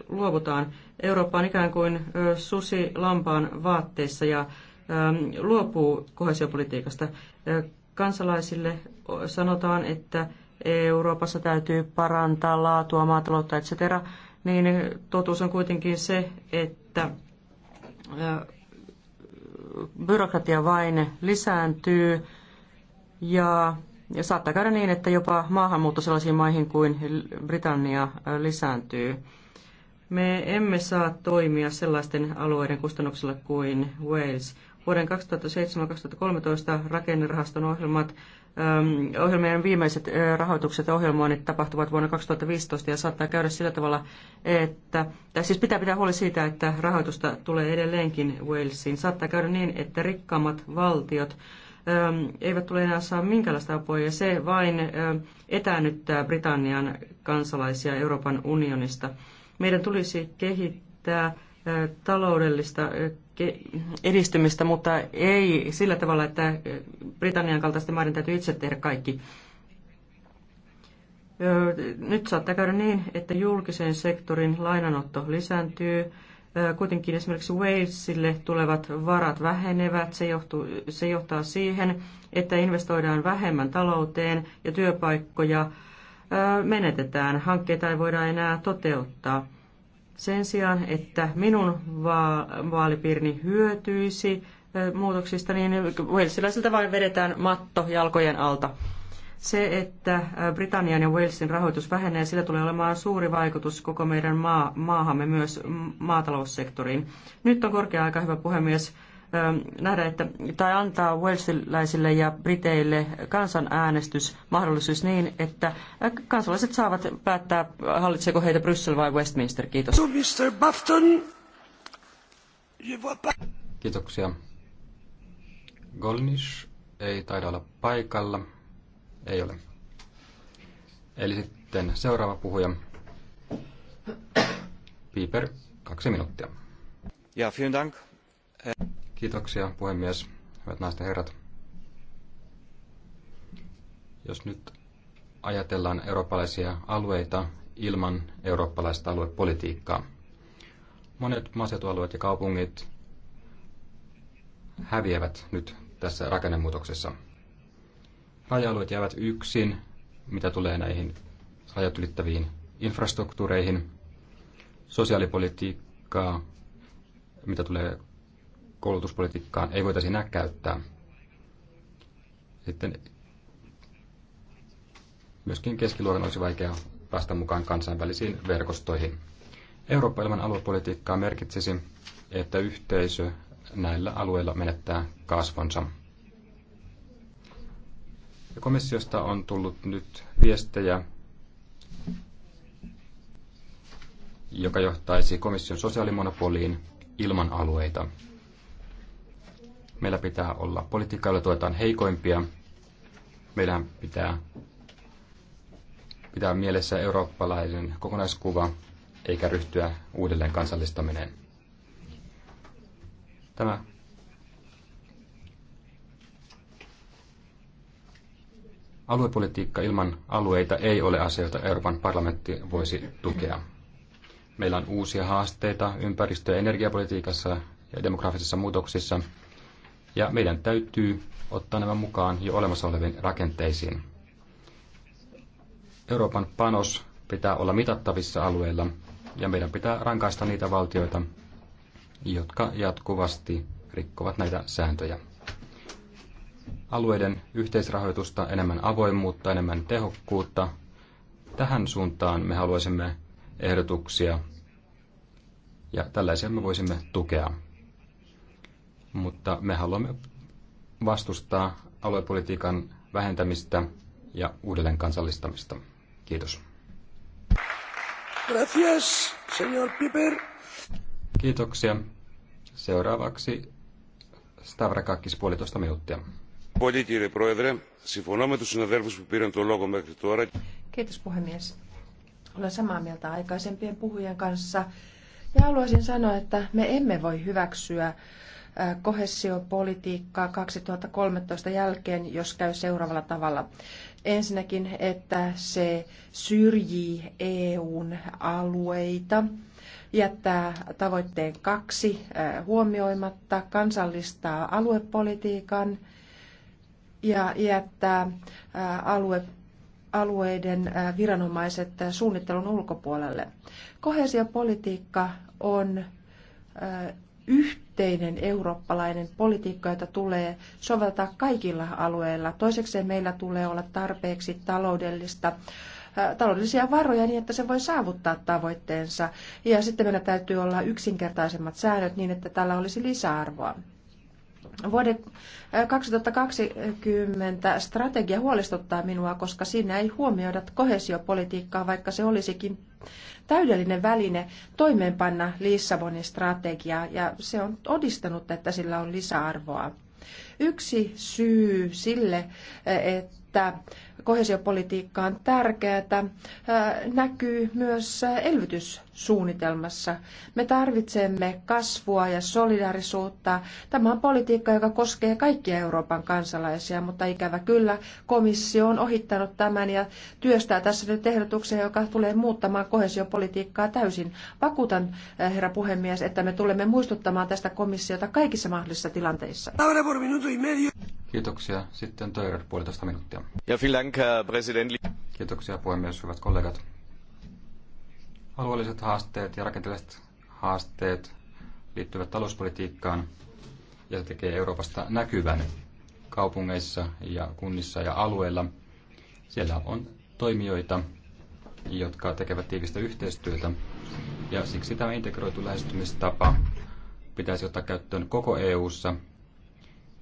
luovutaan Eurooppa on ikään kuin susi lampaan vaatteissa ja luopuu kohesiopolitiikasta. Kansalaisille sanotaan, että Euroopassa täytyy parantaa laatua, maataloutta, etc., niin totuus on kuitenkin se, että byrokratia vain lisääntyy ja saattaa käydä niin, että jopa maahanmuutto sellaisiin maihin kuin Britannia lisääntyy. Me emme saa toimia sellaisten alueiden kustannuksella kuin Wales. Vuoden 2007-2013 rakennerahaston ohjelmat, ähm, ohjelmien viimeiset äh, rahoitukset ja ohjelmoinnit tapahtuvat vuonna 2015 ja saattaa käydä sillä tavalla, että, tai siis pitää pitää huoli siitä, että rahoitusta tulee edelleenkin Walesiin. Saattaa käydä niin, että rikkaammat valtiot ähm, eivät tule enää saa minkäänlaista apua, ja se vain ähm, etäännyttää Britannian kansalaisia Euroopan unionista. Meidän tulisi kehittää taloudellista edistymistä, mutta ei sillä tavalla, että Britannian kaltaisten maiden täytyy itse tehdä kaikki. Nyt saattaa käydä niin, että julkisen sektorin lainanotto lisääntyy. Kuitenkin esimerkiksi Walesille tulevat varat vähenevät. Se, johtuu, se johtaa siihen, että investoidaan vähemmän talouteen ja työpaikkoja menetetään, hankkeita ei voida enää toteuttaa. Sen sijaan, että minun vaalipiirini hyötyisi muutoksista, niin Walesilaisilta vain vedetään matto jalkojen alta. Se, että Britannian ja Walesin rahoitus vähenee, sillä tulee olemaan suuri vaikutus koko meidän maahamme myös maataloussektoriin. Nyt on korkea aika, hyvä puhemies, Ähm, nähdä, että, tai antaa welsiläisille ja briteille kansanäänestysmahdollisuus niin, että äh, kansalaiset saavat päättää, hallitseeko heitä Bryssel vai Westminster. Kiitos. To Mr. Bafton. Kiitoksia. Golnish ei taida olla paikalla. Ei ole. Eli sitten seuraava puhuja. Piper, kaksi minuuttia. Ja, vielen dank. Kiitoksia puhemies, hyvät naiset ja herrat. Jos nyt ajatellaan eurooppalaisia alueita ilman eurooppalaista aluepolitiikkaa. Monet maaseutualueet ja kaupungit häviävät nyt tässä rakennemuutoksessa. Raja-alueet jäävät yksin, mitä tulee näihin rajat ylittäviin infrastruktuureihin, sosiaalipolitiikkaa, mitä tulee koulutuspolitiikkaan ei voitaisi enää käyttää. Sitten myöskin keskiluokan olisi vaikea päästä mukaan kansainvälisiin verkostoihin. Eurooppa ilman aluepolitiikkaa merkitsisi, että yhteisö näillä alueilla menettää kasvonsa. Ja komissiosta on tullut nyt viestejä, joka johtaisi komission sosiaalimonopoliin ilman alueita. Meillä pitää olla politiikka, jolla tuetaan heikoimpia. Meidän pitää pitää mielessä eurooppalaisen kokonaiskuva, eikä ryhtyä uudelleen kansallistaminen. Tämä aluepolitiikka ilman alueita ei ole asia, jota Euroopan parlamentti voisi tukea. Meillä on uusia haasteita ympäristö- ja energiapolitiikassa ja demografisissa muutoksissa – ja meidän täytyy ottaa nämä mukaan jo olemassa oleviin rakenteisiin. Euroopan panos pitää olla mitattavissa alueilla ja meidän pitää rankaista niitä valtioita, jotka jatkuvasti rikkovat näitä sääntöjä. Alueiden yhteisrahoitusta, enemmän avoimuutta, enemmän tehokkuutta. Tähän suuntaan me haluaisimme ehdotuksia ja tällaisia me voisimme tukea mutta me haluamme vastustaa aluepolitiikan vähentämistä ja uudelleen kansallistamista. Kiitos. Gracias, señor Piper. Kiitoksia. Seuraavaksi Stavrakakis puolitoista minuuttia. Kiitos puhemies. Olen samaa mieltä aikaisempien puhujien kanssa ja haluaisin sanoa, että me emme voi hyväksyä kohessiopolitiikkaa 2013 jälkeen, jos käy seuraavalla tavalla. Ensinnäkin, että se syrjii EUn alueita, jättää tavoitteen kaksi huomioimatta, kansallistaa aluepolitiikan ja jättää alue alueiden viranomaiset suunnittelun ulkopuolelle. Kohesiopolitiikka on yhteinen eurooppalainen politiikka, jota tulee soveltaa kaikilla alueilla. Toiseksi meillä tulee olla tarpeeksi taloudellista äh, taloudellisia varoja niin, että se voi saavuttaa tavoitteensa. Ja sitten meillä täytyy olla yksinkertaisemmat säännöt niin, että tällä olisi lisäarvoa. Vuoden 2020 eh, strategia huolestuttaa minua, koska siinä ei huomioida kohesiopolitiikkaa, vaikka se olisikin täydellinen väline toimeenpanna Lissabonin strategiaa, ja se on odistanut, että sillä on lisäarvoa. Yksi syy sille, eh, että kohesiopolitiikka on tärkeää, eh, näkyy myös elvytys suunnitelmassa. Me tarvitsemme kasvua ja solidaarisuutta. Tämä on politiikka, joka koskee kaikkia Euroopan kansalaisia, mutta ikävä kyllä komissio on ohittanut tämän ja työstää tässä nyt ehdotuksen, joka tulee muuttamaan kohesiopolitiikkaa täysin. Vakuutan, eh, herra puhemies, että me tulemme muistuttamaan tästä komissiota kaikissa mahdollisissa tilanteissa. Kiitoksia. Sitten Töyrät puolitoista minuuttia. Ja Kiitoksia puhemies, hyvät kollegat Alueelliset haasteet ja rakenteelliset haasteet liittyvät talouspolitiikkaan ja se tekee Euroopasta näkyvän kaupungeissa ja kunnissa ja alueilla. Siellä on toimijoita, jotka tekevät tiivistä yhteistyötä ja siksi tämä integroitu lähestymistapa pitäisi ottaa käyttöön koko EU:ssa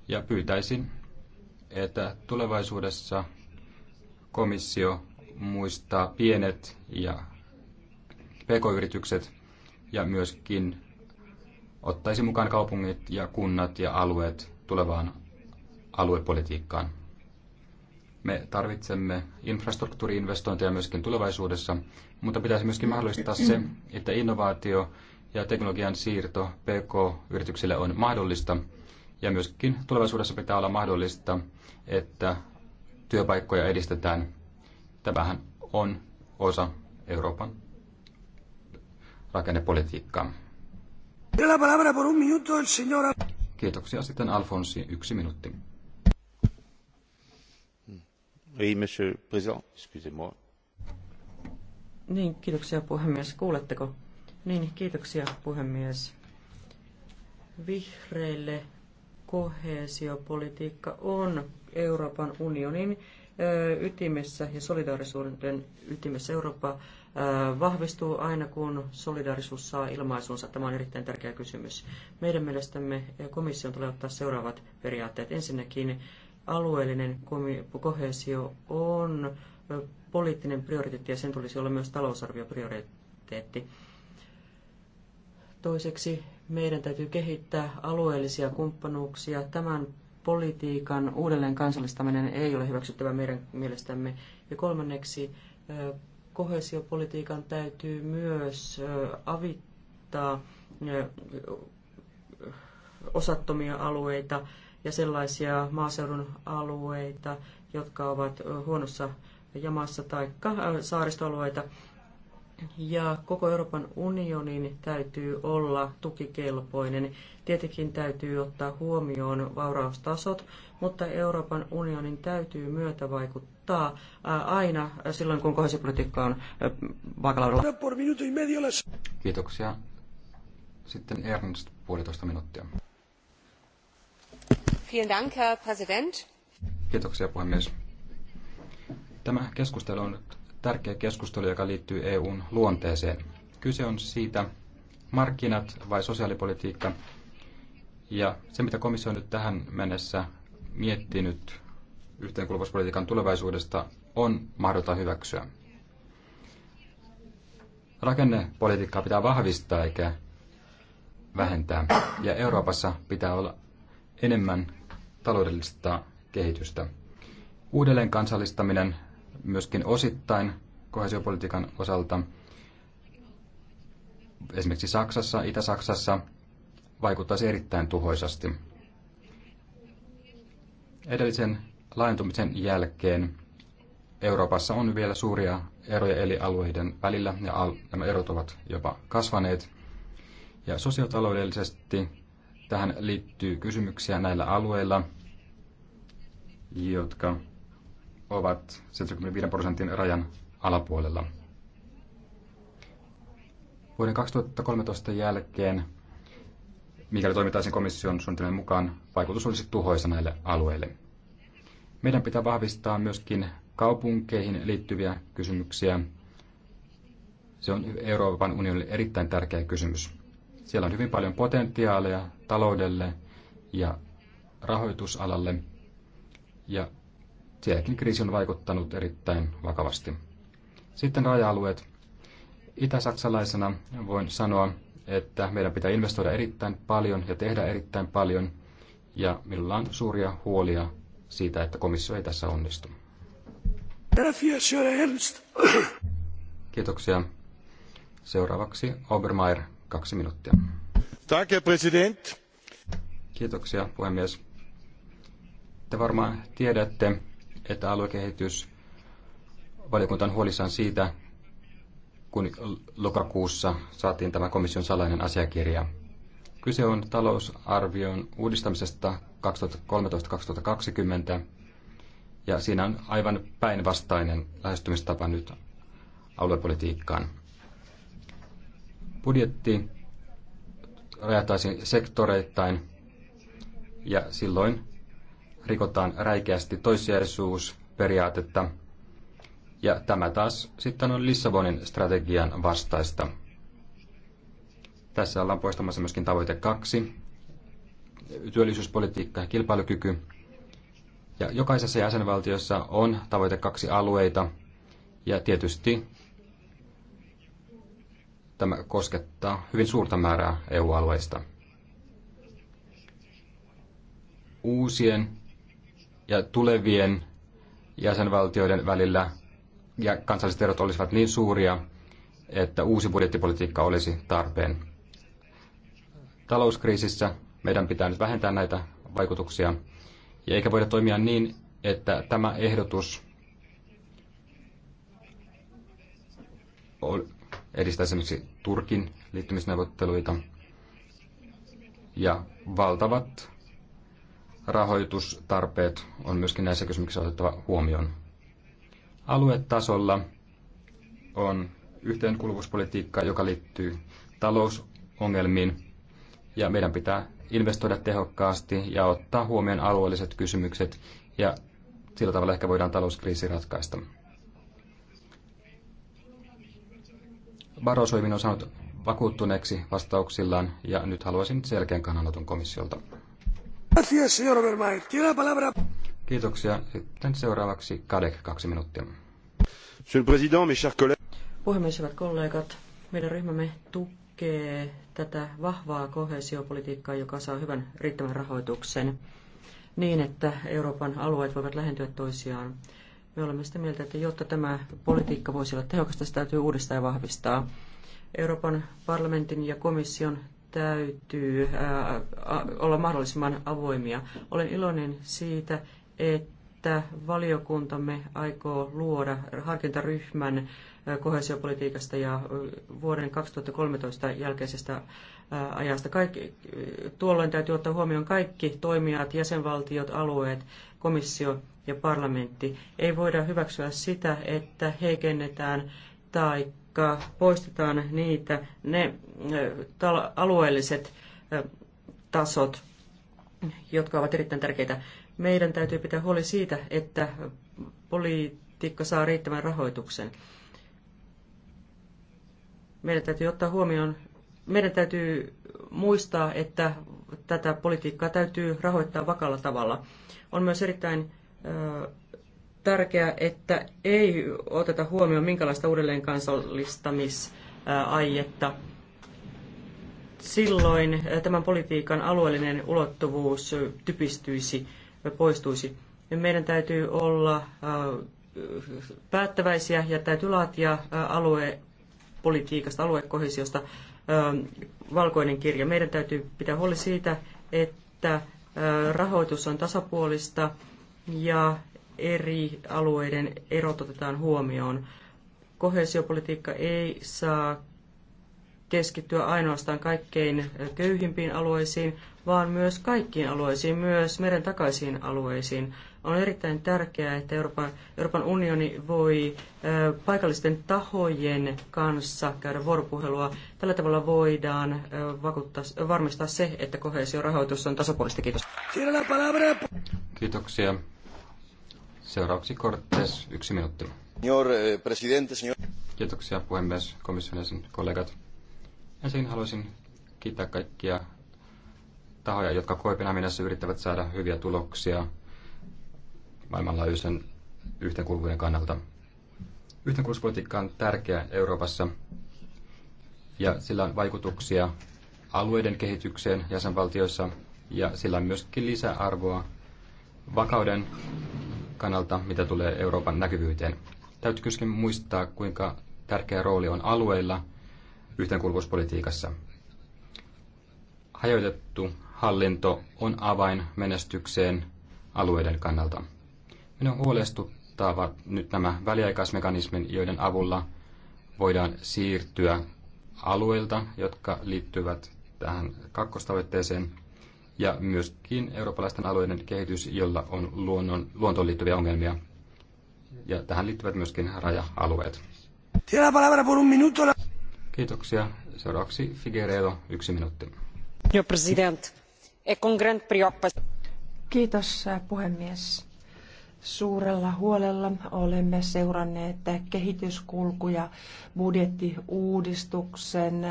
ja pyytäisin, että tulevaisuudessa komissio muistaa pienet ja pk-yritykset ja myöskin ottaisi mukaan kaupungit ja kunnat ja alueet tulevaan aluepolitiikkaan. Me tarvitsemme infrastruktuuriinvestointeja myöskin tulevaisuudessa, mutta pitäisi myöskin mahdollistaa se, että innovaatio ja teknologian siirto PK-yrityksille on mahdollista. Ja myöskin tulevaisuudessa pitää olla mahdollista, että työpaikkoja edistetään. Tämähän on osa Euroopan rakennepolitiikkaa. Kiitoksia. Sitten Alfonsi, yksi minuutti. Niin, kiitoksia puhemies. Kuuletteko? Niin, kiitoksia puhemies. Vihreille koheesiopolitiikka on Euroopan unionin ytimessä ja solidaarisuuden ytimessä Eurooppa vahvistuu aina, kun solidaarisuus saa ilmaisunsa. Tämä on erittäin tärkeä kysymys. Meidän mielestämme komission tulee ottaa seuraavat periaatteet. Ensinnäkin alueellinen kohesio on poliittinen prioriteetti ja sen tulisi olla myös talousarvioprioriteetti. Toiseksi meidän täytyy kehittää alueellisia kumppanuuksia. Tämän politiikan uudelleen kansallistaminen ei ole hyväksyttävä meidän mielestämme. Ja kolmanneksi kohesiopolitiikan täytyy myös avittaa osattomia alueita ja sellaisia maaseudun alueita, jotka ovat huonossa jamassa tai saaristoalueita. Ja koko Euroopan unionin täytyy olla tukikelpoinen. Tietenkin täytyy ottaa huomioon vauraustasot, mutta Euroopan unionin täytyy myötävaikuttaa ottaa aina silloin, kun kohesiopolitiikka on vaakalaudalla. Kiitoksia. Sitten Ernst, puolitoista minuuttia. Dank, Herr Präsident. Kiitoksia, puhemies. Tämä keskustelu on tärkeä keskustelu, joka liittyy EUn luonteeseen. Kyse on siitä, markkinat vai sosiaalipolitiikka. Ja se, mitä komissio on nyt tähän mennessä miettinyt yhteenkuuluvuuspolitiikan tulevaisuudesta on mahdoton hyväksyä. Rakennepolitiikkaa pitää vahvistaa eikä vähentää. Ja Euroopassa pitää olla enemmän taloudellista kehitystä. Uudelleen kansallistaminen myöskin osittain kohesiopolitiikan osalta. Esimerkiksi Saksassa, Itä-Saksassa vaikuttaisi erittäin tuhoisasti. Edellisen laajentumisen jälkeen Euroopassa on vielä suuria eroja eli alueiden välillä ja nämä erot ovat jopa kasvaneet. Ja sosiotaloudellisesti tähän liittyy kysymyksiä näillä alueilla, jotka ovat 75 prosentin rajan alapuolella. Vuoden 2013 jälkeen, mikäli toimittaisiin komission suunnitelmien mukaan, vaikutus olisi tuhoisa näille alueille. Meidän pitää vahvistaa myöskin kaupunkeihin liittyviä kysymyksiä. Se on Euroopan unionille erittäin tärkeä kysymys. Siellä on hyvin paljon potentiaalia taloudelle ja rahoitusalalle, ja sielläkin kriisi on vaikuttanut erittäin vakavasti. Sitten raja-alueet. Itä-saksalaisena voin sanoa, että meidän pitää investoida erittäin paljon ja tehdä erittäin paljon, ja minulla on suuria huolia siitä, että komissio ei tässä onnistu. Kiitoksia. Seuraavaksi Obermeier, kaksi minuuttia. Tack, president. Kiitoksia, puhemies. Te varmaan tiedätte, että aluekehitys valiokunta on huolissaan siitä, kun lokakuussa saatiin tämä komission salainen asiakirja. Kyse on talousarvion uudistamisesta 2013-2020, ja siinä on aivan päinvastainen lähestymistapa nyt aluepolitiikkaan. Budjetti rajataisiin sektoreittain, ja silloin rikotaan räikeästi toissijaisuusperiaatetta, ja tämä taas sitten on Lissabonin strategian vastaista. Tässä ollaan poistamassa myöskin tavoite kaksi, työllisyyspolitiikka ja kilpailukyky. Ja jokaisessa jäsenvaltiossa on tavoite kaksi alueita. Ja tietysti tämä koskettaa hyvin suurta määrää EU-alueista. Uusien ja tulevien jäsenvaltioiden välillä ja kansalliset erot olisivat niin suuria, että uusi budjettipolitiikka olisi tarpeen. Talouskriisissä meidän pitää nyt vähentää näitä vaikutuksia. Ja eikä voida toimia niin, että tämä ehdotus edistää esimerkiksi Turkin liittymisneuvotteluita. Ja valtavat rahoitustarpeet on myöskin näissä kysymyksissä otettava huomioon. Aluetasolla on yhteenkuuluvuuspolitiikka, joka liittyy talousongelmiin, ja meidän pitää investoida tehokkaasti ja ottaa huomioon alueelliset kysymykset ja sillä tavalla ehkä voidaan talouskriisi ratkaista. Barroso on saanut vakuuttuneeksi vastauksillaan ja nyt haluaisin selkeän kannanoton komissiolta. Kiitoksia. Sitten seuraavaksi Kadek, kaksi minuuttia. Puhemies, hyvät kollegat, meidän ryhmämme tukee tätä vahvaa kohesiopolitiikkaa, joka saa hyvän riittävän rahoituksen niin, että Euroopan alueet voivat lähentyä toisiaan. Me olemme sitä mieltä, että jotta tämä politiikka voisi olla tehokasta, se täytyy uudistaa ja vahvistaa. Euroopan parlamentin ja komission täytyy ää, olla mahdollisimman avoimia. Olen iloinen siitä, että valiokuntamme aikoo luoda harkintaryhmän kohesiopolitiikasta ja vuoden 2013 jälkeisestä ajasta. Kaikki, tuolloin täytyy ottaa huomioon kaikki toimijat, jäsenvaltiot, alueet, komissio ja parlamentti. Ei voida hyväksyä sitä, että heikennetään tai poistetaan niitä, ne alueelliset tasot, jotka ovat erittäin tärkeitä. Meidän täytyy pitää huoli siitä, että politiikka saa riittävän rahoituksen meidän täytyy ottaa huomioon, meidän täytyy muistaa, että tätä politiikkaa täytyy rahoittaa vakalla tavalla. On myös erittäin tärkeää, että ei oteta huomioon minkälaista uudelleen kansallistamisaietta. Silloin tämän politiikan alueellinen ulottuvuus typistyisi, ja poistuisi. Meidän täytyy olla päättäväisiä ja täytyy laatia alue politiikasta, aluekohesiosta, valkoinen kirja. Meidän täytyy pitää huoli siitä, että rahoitus on tasapuolista ja eri alueiden erot otetaan huomioon. Kohesiopolitiikka ei saa keskittyä ainoastaan kaikkein köyhimpiin alueisiin, vaan myös kaikkiin alueisiin, myös meren takaisiin alueisiin. On erittäin tärkeää, että Euroopan, Euroopan unioni voi ö, paikallisten tahojen kanssa käydä vuoropuhelua. Tällä tavalla voidaan ö, vakuuttaa, varmistaa se, että kohesiorahoitus on tasapuolista. Kiitos. Kiitoksia. Seuraavaksi Cortes, yksi minuutti. Eh, presidente, Kiitoksia puhemies, komission jäsen, kollegat. Ensin haluaisin kiittää kaikkia tahoja, jotka Koipenaminassa yrittävät saada hyviä tuloksia maailmanlaajuisen yhteenkuuluvuuden kannalta. Yhteenkuuluvuuspolitiikka on tärkeä Euroopassa ja sillä on vaikutuksia alueiden kehitykseen jäsenvaltioissa ja sillä on myöskin lisäarvoa vakauden kannalta, mitä tulee Euroopan näkyvyyteen. Täytyy kyskin muistaa, kuinka tärkeä rooli on alueilla – yhteenkuuluvuuspolitiikassa. Hajoitettu hallinto on avain menestykseen alueiden kannalta. Minun huolestuttavat nyt nämä väliaikaismekanismin, joiden avulla voidaan siirtyä alueilta, jotka liittyvät tähän kakkostavoitteeseen, ja myöskin eurooppalaisten alueiden kehitys, jolla on luonnon, luontoon liittyviä ongelmia. Ja tähän liittyvät myöskin raja-alueet. Kiitoksia. Seuraavaksi Figueiredo, yksi minuutti. Jo president. Kiitos puhemies. Suurella huolella olemme seuranneet kehityskulkuja budjettiuudistuksen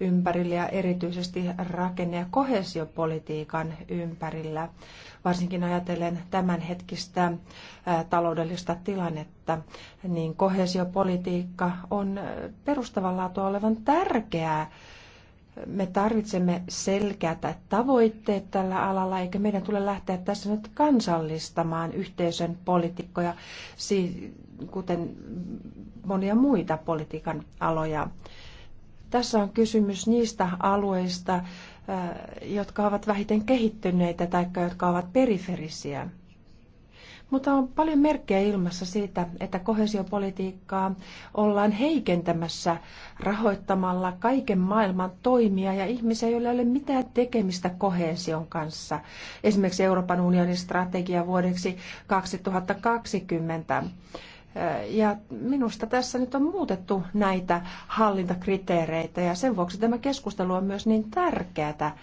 ympärillä ja erityisesti rakenne- ja kohesiopolitiikan ympärillä varsinkin ajatellen tämänhetkistä taloudellista tilannetta, niin kohesiopolitiikka on perustavanlaatua olevan tärkeää. Me tarvitsemme selkeät tavoitteet tällä alalla, eikä meidän tule lähteä tässä nyt kansallistamaan yhteisön poliitikkoja, kuten monia muita politiikan aloja. Tässä on kysymys niistä alueista, jotka ovat vähiten kehittyneitä tai jotka ovat periferisiä. Mutta on paljon merkkejä ilmassa siitä, että kohesiopolitiikkaa ollaan heikentämässä rahoittamalla kaiken maailman toimia ja ihmisiä, joilla ei ole mitään tekemistä kohesion kanssa. Esimerkiksi Euroopan unionin strategia vuodeksi 2020 ja minusta tässä nyt on muutettu näitä hallintakriteereitä ja sen vuoksi tämä keskustelu on myös niin tärkeää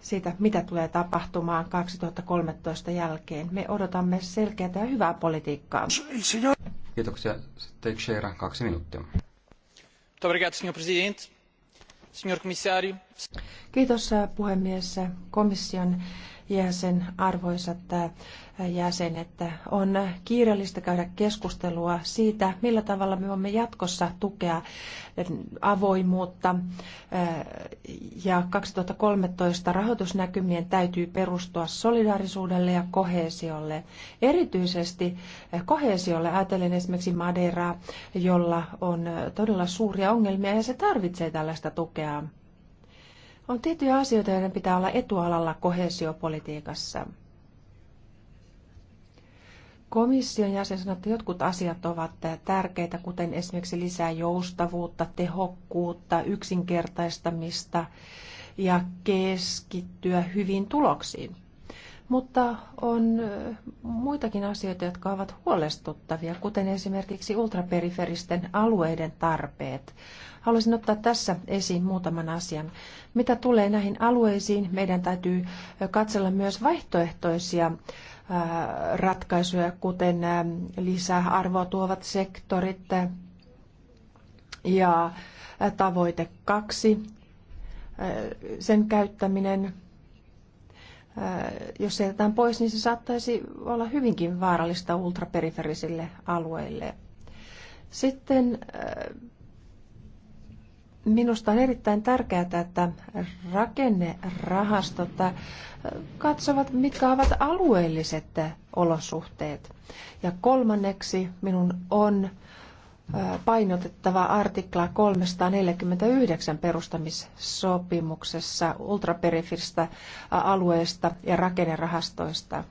siitä, mitä tulee tapahtumaan 2013 jälkeen. Me odotamme selkeää ja hyvää politiikkaa. Kiitoksia. Sitten Xeira, kaksi minuuttia. Kiitos puhemies, komission jäsen, arvoisat Jäsen, että on kiireellistä käydä keskustelua siitä, millä tavalla me voimme jatkossa tukea eh, avoimuutta. Eh, ja 2013 rahoitusnäkymien täytyy perustua solidaarisuudelle ja kohesiolle. Erityisesti eh, kohesiolle ajatellen esimerkiksi Madeiraa, jolla on todella suuria ongelmia ja se tarvitsee tällaista tukea. On tiettyjä asioita, joiden pitää olla etualalla kohesiopolitiikassa. Komission jäsen sanoi, että jotkut asiat ovat tärkeitä, kuten esimerkiksi lisää joustavuutta, tehokkuutta, yksinkertaistamista ja keskittyä hyviin tuloksiin. Mutta on äh, muitakin asioita, jotka ovat huolestuttavia, kuten esimerkiksi ultraperiferisten alueiden tarpeet. Haluaisin ottaa tässä esiin muutaman asian. Mitä tulee näihin alueisiin, meidän täytyy äh, katsella myös vaihtoehtoisia ratkaisuja, kuten lisäarvoa tuovat sektorit ja tavoite kaksi, sen käyttäminen, jos se jätetään pois, niin se saattaisi olla hyvinkin vaarallista ultraperiferisille alueille. Sitten Minusta on erittäin tärkeää, että rakennerahastot äh, katsovat, mitkä ovat alueelliset olosuhteet. Ja kolmanneksi minun on äh, painotettava artikla 349 perustamissopimuksessa ultraperifistä äh, alueesta ja rakennerahastoista –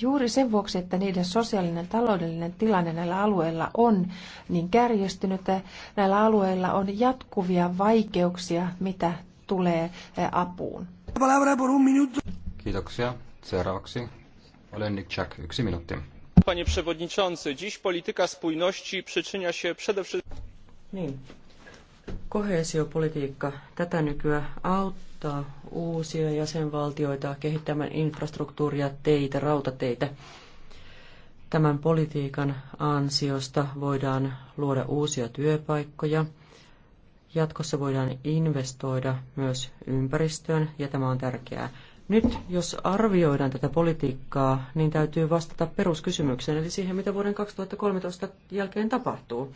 Juuri sen vuoksi, että niiden sosiaalinen taloudellinen tilanne näillä alueilla on niin kärjistynyt, näillä alueilla on jatkuvia vaikeuksia, mitä tulee eh, apuun. Kiitoksia. Seuraavaksi olen Nick Chuck. Yksi minuutti. Panie przewodniczący, dziś polityka spójności przyczynia się przede wszystkim... Niin. Kohesiopolitiikka tätä nykyä auttaa kannustaa uusia jäsenvaltioita kehittämään infrastruktuuria, teitä, rautateitä. Tämän politiikan ansiosta voidaan luoda uusia työpaikkoja. Jatkossa voidaan investoida myös ympäristöön, ja tämä on tärkeää. Nyt, jos arvioidaan tätä politiikkaa, niin täytyy vastata peruskysymykseen, eli siihen, mitä vuoden 2013 jälkeen tapahtuu.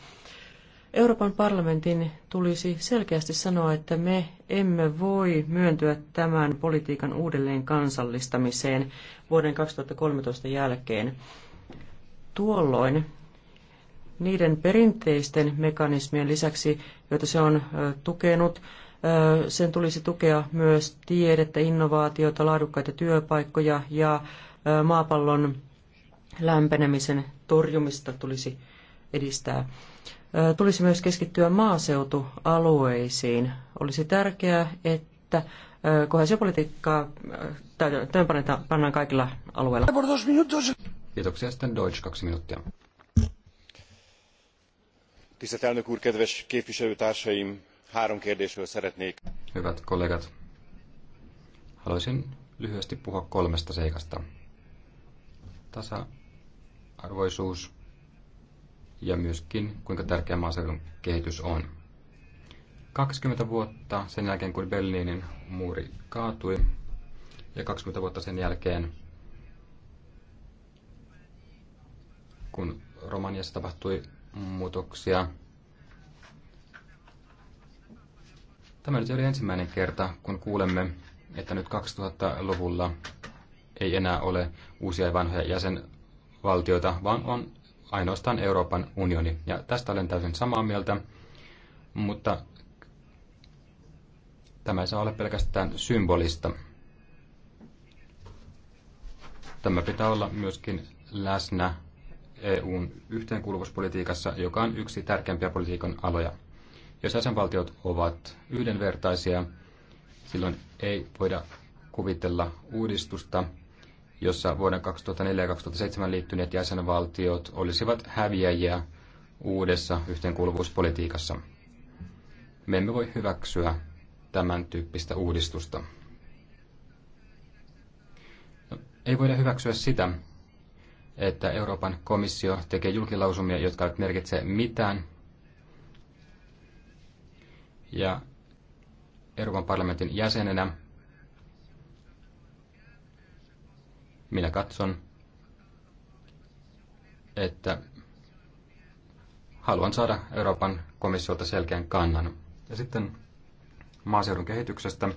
Euroopan parlamentin tulisi selkeästi sanoa, että me emme voi myöntyä tämän politiikan uudelleen kansallistamiseen vuoden 2013 jälkeen. Tuolloin niiden perinteisten mekanismien lisäksi, joita se on tukenut, sen tulisi tukea myös tiedettä, innovaatiota, laadukkaita työpaikkoja ja maapallon lämpenemisen torjumista tulisi edistää tulisi myös keskittyä maaseutualueisiin. Olisi tärkeää, että kohesiopolitiikkaa pannaan kaikilla alueilla. Kiitoksia. Sitten Deutsch, kaksi minuuttia. Hyvät kollegat, haluaisin lyhyesti puhua kolmesta seikasta. Tasa-arvoisuus, ja myöskin kuinka tärkeä maaseudun kehitys on. 20 vuotta sen jälkeen, kun Berliinin muuri kaatui, ja 20 vuotta sen jälkeen, kun Romaniassa tapahtui muutoksia. Tämä nyt oli ensimmäinen kerta, kun kuulemme, että nyt 2000-luvulla ei enää ole uusia ja vanhoja jäsenvaltioita, vaan on ainoastaan Euroopan unioni. Ja tästä olen täysin samaa mieltä, mutta tämä ei saa olla pelkästään symbolista. Tämä pitää olla myöskin läsnä EUn yhteenkuuluvuuspolitiikassa, joka on yksi tärkeimpiä politiikan aloja. Jos jäsenvaltiot ovat yhdenvertaisia, silloin ei voida kuvitella uudistusta, jossa vuoden 2004 ja 2007 liittyneet jäsenvaltiot olisivat häviäjiä uudessa yhteenkuuluvuuspolitiikassa. Me emme voi hyväksyä tämän tyyppistä uudistusta. No, ei voida hyväksyä sitä, että Euroopan komissio tekee julkilausumia, jotka eivät merkitse mitään. Ja Euroopan parlamentin jäsenenä Minä katson, että haluan saada Euroopan komissiolta selkeän kannan. Ja sitten maaseudun kehityksestä.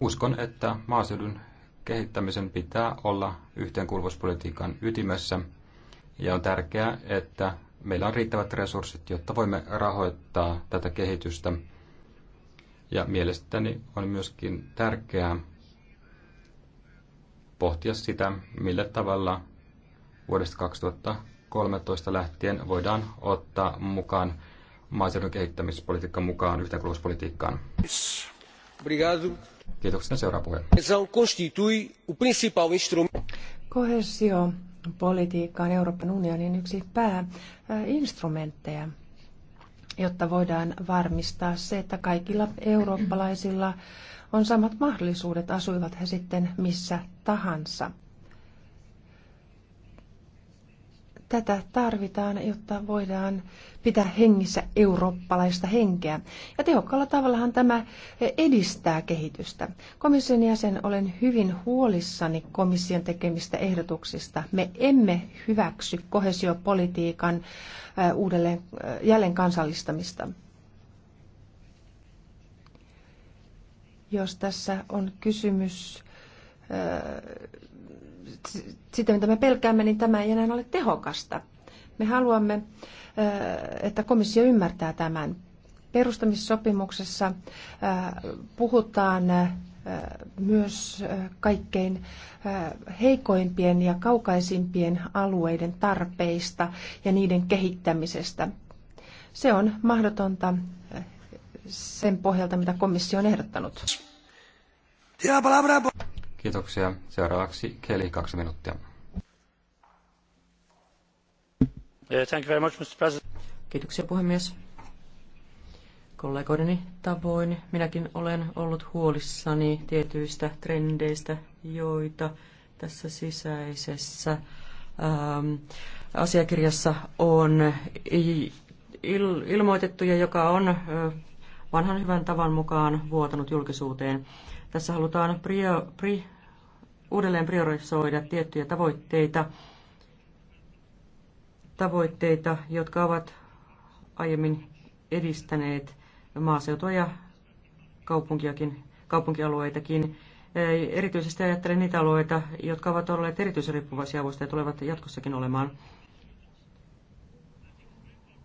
Uskon, että maaseudun kehittämisen pitää olla yhteenkuuluvuuspolitiikan ytimessä ja on tärkeää, että meillä on riittävät resurssit, jotta voimme rahoittaa tätä kehitystä. Ja mielestäni on myöskin tärkeää, pohtia sitä, millä tavalla vuodesta 2013 lähtien voidaan ottaa mukaan maaseudun kehittämispolitiikka mukaan yhteenkuuluvuuspolitiikkaan. Kiitoksia. Seuraava puhe. Kohesio politiikka on Euroopan unionin yksi pääinstrumentteja, jotta voidaan varmistaa se, että kaikilla eurooppalaisilla on samat mahdollisuudet, asuivat he sitten missä tahansa. Tätä tarvitaan, jotta voidaan pitää hengissä eurooppalaista henkeä. Ja tehokkaalla tavallahan tämä edistää kehitystä. Komission jäsen olen hyvin huolissani komission tekemistä ehdotuksista. Me emme hyväksy kohesiopolitiikan uudelleen jälleen kansallistamista. jos tässä on kysymys äh, sitä, mitä me pelkäämme, niin tämä ei enää ole tehokasta. Me haluamme, äh, että komissio ymmärtää tämän. Perustamissopimuksessa äh, puhutaan myös kaikkein heikoimpien ja kaukaisimpien alueiden tarpeista ja niiden kehittämisestä. Se on mahdotonta sen pohjalta, mitä komissio on ehdottanut. Kiitoksia. Seuraavaksi Kelly, kaksi minuuttia. Thank you very much, Mr. President. Kiitoksia puhemies. Kollegoideni tavoin minäkin olen ollut huolissani tietyistä trendeistä, joita tässä sisäisessä ähm, asiakirjassa on il, ilmoitettu ja joka on äh, vanhan hyvän tavan mukaan vuotanut julkisuuteen. Tässä halutaan prio, pri, uudelleen priorisoida tiettyjä tavoitteita, tavoitteita, jotka ovat aiemmin edistäneet maaseutua ja kaupunkiakin, kaupunkialueitakin. Erityisesti ajattelen niitä alueita, jotka ovat olleet erityisen riippuvaisia avusta ja tulevat jatkossakin olemaan.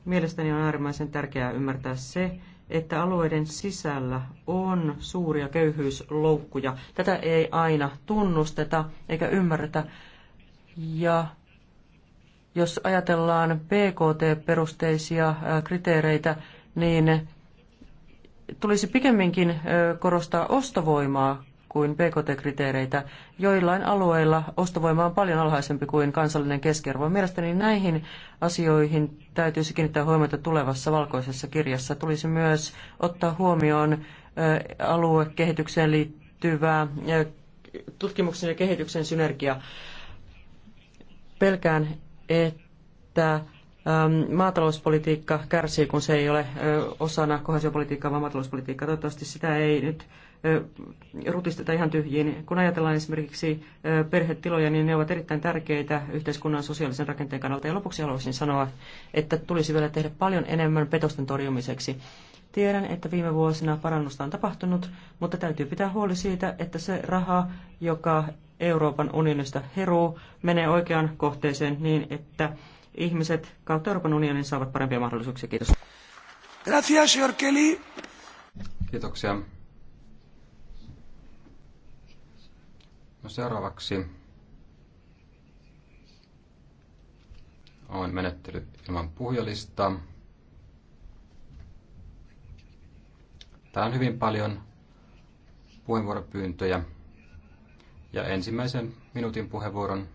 Mielestäni on äärimmäisen tärkeää ymmärtää se, että alueiden sisällä on suuria köyhyysloukkuja. Tätä ei aina tunnusteta eikä ymmärretä. Ja jos ajatellaan PKT-perusteisia kriteereitä, niin tulisi pikemminkin korostaa ostovoimaa kuin BKT-kriteereitä. Joillain alueilla ostovoima on paljon alhaisempi kuin kansallinen keskiarvo. Mielestäni näihin asioihin täytyisi kiinnittää huomiota tulevassa valkoisessa kirjassa. Tulisi myös ottaa huomioon aluekehitykseen liittyvää tutkimuksen ja kehityksen synergia. Pelkään, että maatalouspolitiikka kärsii, kun se ei ole osana kohesiopolitiikkaa, vaan maatalouspolitiikkaa. Toivottavasti sitä ei nyt rutisteta ihan tyhjiin. Kun ajatellaan esimerkiksi perhetiloja, niin ne ovat erittäin tärkeitä yhteiskunnan sosiaalisen rakenteen kannalta. Ja lopuksi haluaisin sanoa, että tulisi vielä tehdä paljon enemmän petosten torjumiseksi. Tiedän, että viime vuosina parannusta on tapahtunut, mutta täytyy pitää huoli siitä, että se raha, joka Euroopan unionista heruu, menee oikeaan kohteeseen niin, että ihmiset kautta Euroopan unionin saavat parempia mahdollisuuksia. Kiitos. Gracias, Kiitoksia. No seuraavaksi on menettely ilman puhujalista. Tämä on hyvin paljon puheenvuoropyyntöjä. Ja ensimmäisen minuutin puheenvuoron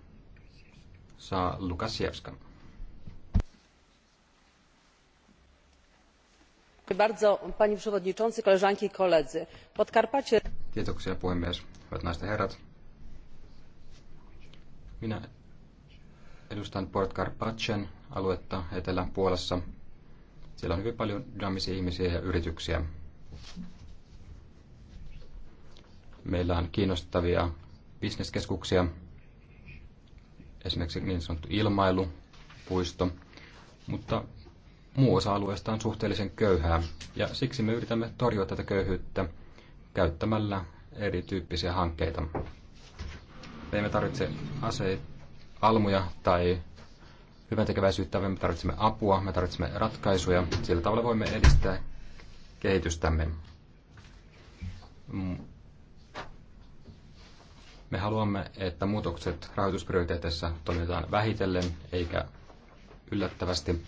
saa Lukas Lukasiewska. Kiitoksia puhemies, hyvät naiset ja herrat. Minä edustan Port Carpatchen aluetta Etelä-Puolassa. Siellä on hyvin paljon dynaamisia ihmisiä ja yrityksiä. Meillä on kiinnostavia bisneskeskuksia, esimerkiksi niin sanottu ilmailupuisto, mutta muu osa alueesta on suhteellisen köyhää, ja siksi me yritämme torjua tätä köyhyyttä käyttämällä erityyppisiä hankkeita emme tarvitse aseita, almuja tai hyvän tekeväisyyttä, me tarvitsemme apua, me tarvitsemme ratkaisuja. Sillä tavalla voimme edistää kehitystämme. Me haluamme, että muutokset rahoitusprioriteeteissa toimitaan vähitellen eikä yllättävästi.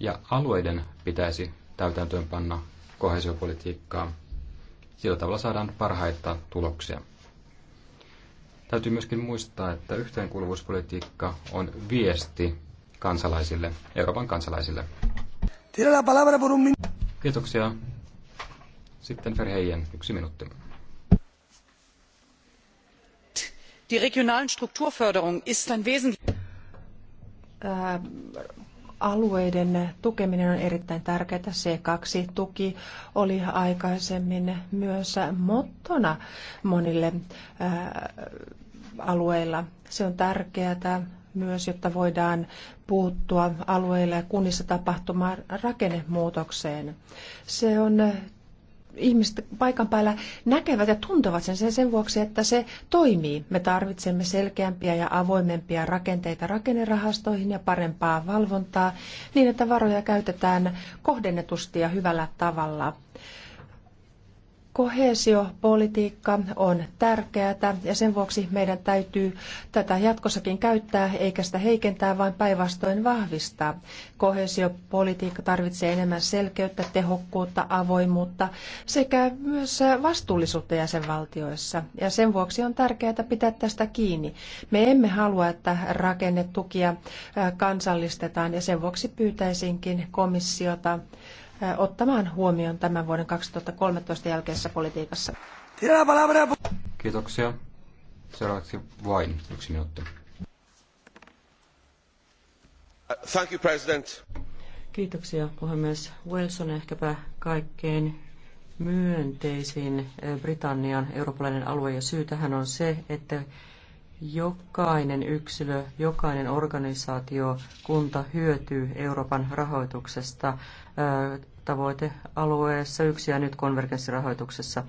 Ja alueiden pitäisi täytäntöönpanna kohesiopolitiikkaa. Sillä tavalla saadaan parhaita tuloksia. Täytyy myöskin muistaa, että yhteenkuuluvuuspolitiikka on viesti kansalaisille, Euroopan kansalaisille. Kiitoksia. Sitten Ferheijen, yksi minuutti. Die regionalen Strukturförderung ist ein wesentlich... Äh, alueiden tukeminen on erittäin tärkeää. C2-tuki oli aikaisemmin myös mottona monille äh, alueilla. Se on tärkeää myös, jotta voidaan puuttua alueilla ja kunnissa tapahtumaan rakennemuutokseen. Se on eh, ihmiset paikan päällä näkevät ja tuntevat sen, sen vuoksi, että se toimii. Me tarvitsemme selkeämpiä ja avoimempia rakenteita rakennerahastoihin ja parempaa valvontaa niin, että varoja käytetään kohdennetusti ja hyvällä tavalla. Koheesiopolitiikka on tärkeää ja sen vuoksi meidän täytyy tätä jatkossakin käyttää eikä sitä heikentää, vaan päinvastoin vahvistaa. Koheesiopolitiikka tarvitsee enemmän selkeyttä, tehokkuutta, avoimuutta sekä myös vastuullisuutta jäsenvaltioissa. Ja sen vuoksi on tärkeää pitää tästä kiinni. Me emme halua, että rakennetukia kansallistetaan ja sen vuoksi pyytäisinkin komissiota ottamaan huomioon tämän vuoden 2013 jälkeisessä politiikassa. Kiitoksia. Seuraavaksi vain yksi minuutti. Uh, thank you, President. Kiitoksia puhemies. Wales on ehkäpä kaikkein myönteisin Britannian eurooppalainen alue ja syy tähän on se, että jokainen yksilö, jokainen organisaatio, kunta hyötyy Euroopan rahoituksesta tavoitealueessa yksi ja nyt konvergenssirahoituksessa.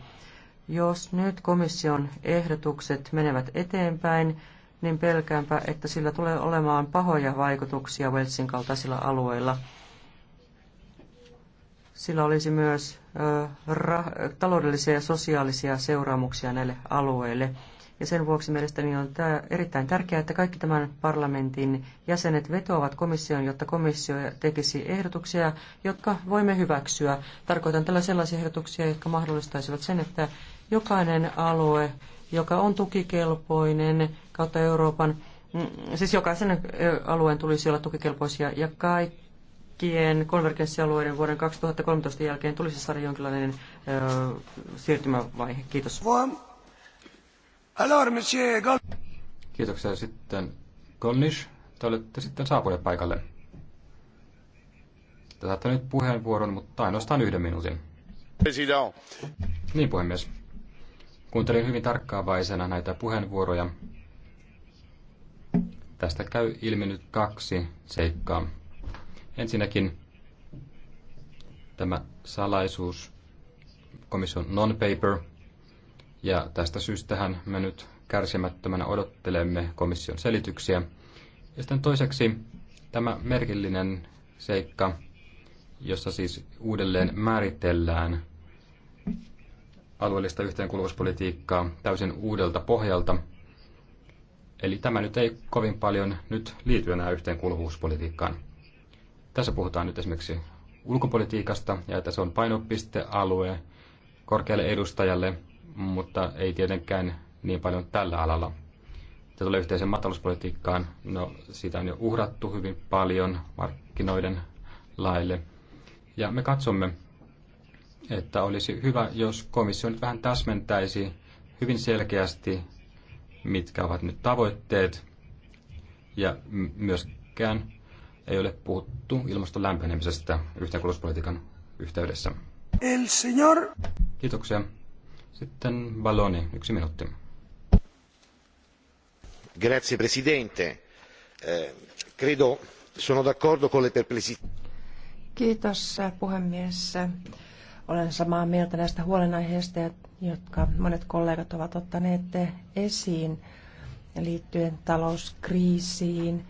Jos nyt komission ehdotukset menevät eteenpäin, niin pelkäänpä, että sillä tulee olemaan pahoja vaikutuksia Welsin kaltaisilla alueilla. Sillä olisi myös taloudellisia ja sosiaalisia seuraamuksia näille alueille. Ja sen vuoksi mielestäni on erittäin tärkeää, että kaikki tämän parlamentin jäsenet vetoavat komissioon, jotta komissio tekisi ehdotuksia, jotka voimme hyväksyä. Tarkoitan tällä sellaisia ehdotuksia, jotka mahdollistaisivat sen, että jokainen alue, joka on tukikelpoinen kautta Euroopan, mm, siis jokaisen alueen tulisi olla tukikelpoisia ja kaikkien konvergenssialueiden vuoden 2013 jälkeen tulisi saada jonkinlainen ö, siirtymävaihe. Kiitos. Kiitoksia sitten. Golnish, te olette sitten saapuneet paikalle. Te saatte nyt puheenvuoron, mutta ainoastaan yhden minuutin. President. Niin, puhemies. Kuuntelin hyvin tarkkaavaisena näitä puheenvuoroja. Tästä käy ilmi nyt kaksi seikkaa. Ensinnäkin tämä salaisuus, komission non-paper – ja tästä syystähän me nyt kärsimättömänä odottelemme komission selityksiä. Ja sitten toiseksi tämä merkillinen seikka, jossa siis uudelleen määritellään alueellista yhteenkuuluvuuspolitiikkaa täysin uudelta pohjalta. Eli tämä nyt ei kovin paljon nyt liity enää yhteenkuuluvuuspolitiikkaan. Tässä puhutaan nyt esimerkiksi ulkopolitiikasta ja että se on painopistealue korkealle edustajalle mutta ei tietenkään niin paljon tällä alalla. Se tulee yhteisen maatalouspolitiikkaan. No, siitä on jo uhrattu hyvin paljon markkinoiden laille. Ja me katsomme, että olisi hyvä, jos komissio nyt vähän täsmentäisi hyvin selkeästi, mitkä ovat nyt tavoitteet. Ja myöskään ei ole puhuttu ilmaston lämpenemisestä yhteenkuluspolitiikan yhteydessä. El señor. Kiitoksia. Sitten Balloni, yksi minuutti. Grazie Presidente. Eh, credo, sono d'accordo con le perplessità. Kiitos puhemies. Olen samaa mieltä näistä huolenaiheista, jotka monet kollegat ovat ottaneet esiin liittyen talouskriisiin,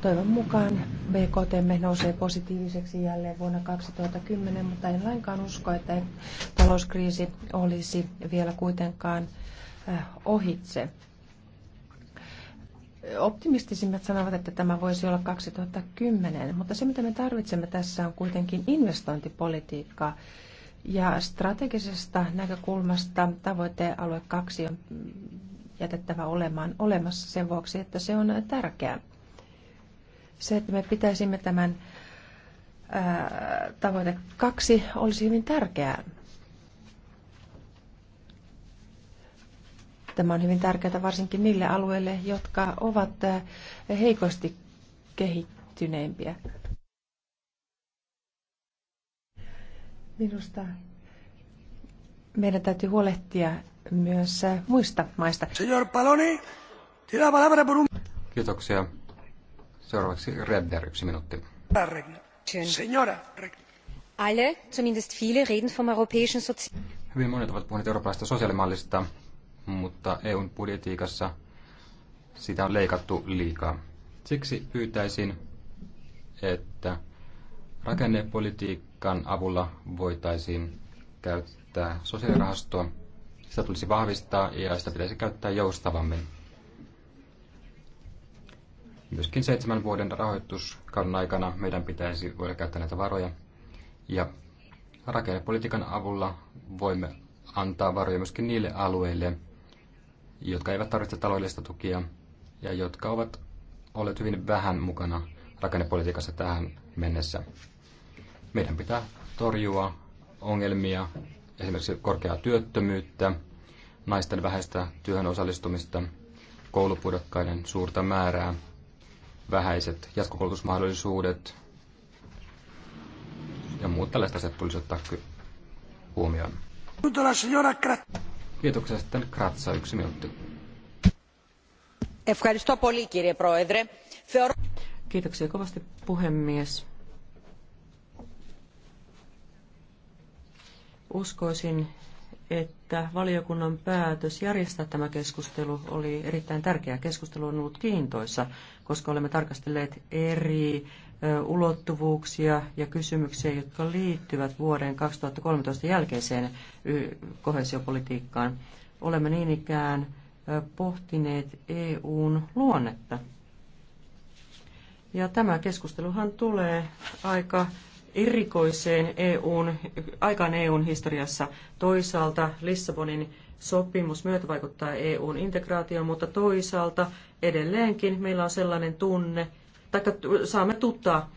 Toivon mukaan BKT nousee positiiviseksi jälleen vuonna 2010, mutta en lainkaan usko, että talouskriisi olisi vielä kuitenkaan ohitse. Optimistisimmat sanovat, että tämä voisi olla 2010, mutta se mitä me tarvitsemme tässä on kuitenkin investointipolitiikkaa. Ja strategisesta näkökulmasta tavoitealue 2 on jätettävä olemaan olemassa sen vuoksi, että se on tärkeä. Se, että me pitäisimme tämän ää, tavoite kaksi, olisi hyvin tärkeää. Tämä on hyvin tärkeää varsinkin niille alueille, jotka ovat heikosti kehittyneempiä. Minusta meidän täytyy huolehtia myös muista maista. Señor Paloni, tira palabra por un... Kiitoksia. Seuraavaksi Rebner, yksi minuutti. Hyvin monet ovat puhuneet eurooppalaisesta sosiaalimallista, mutta EUn budjetiikassa sitä on leikattu liikaa. Siksi pyytäisin, että rakennepolitiikan avulla voitaisiin käyttää sosiaalirahastoa. Sitä tulisi vahvistaa ja sitä pitäisi käyttää joustavammin. Myöskin seitsemän vuoden rahoituskauden aikana meidän pitäisi voida käyttää näitä varoja. Ja rakennepolitiikan avulla voimme antaa varoja myöskin niille alueille, jotka eivät tarvitse taloudellista tukia ja jotka ovat olleet hyvin vähän mukana rakennepolitiikassa tähän mennessä. Meidän pitää torjua ongelmia, esimerkiksi korkeaa työttömyyttä, naisten vähäistä työhön osallistumista, koulupudokkaiden suurta määrää vähäiset jatkokoulutusmahdollisuudet ja muut tällaiset asiat tulisi ottaa huomioon. Kiitoksia sitten Kratsa, yksi minuutti. Kiitoksia kovasti puhemies. Uskoisin, että valiokunnan päätös järjestää tämä keskustelu oli erittäin tärkeä. Keskustelu on ollut kiintoissa, koska olemme tarkastelleet eri ulottuvuuksia ja kysymyksiä, jotka liittyvät vuoden 2013 jälkeiseen kohesiopolitiikkaan. Olemme niin ikään pohtineet EUn luonnetta. Ja tämä keskusteluhan tulee aika erikoiseen EUn, aikaan EUn historiassa. Toisaalta Lissabonin sopimus myötävaikuttaa EUn integraatioon, mutta toisaalta edelleenkin meillä on sellainen tunne, tai saamme tuttaa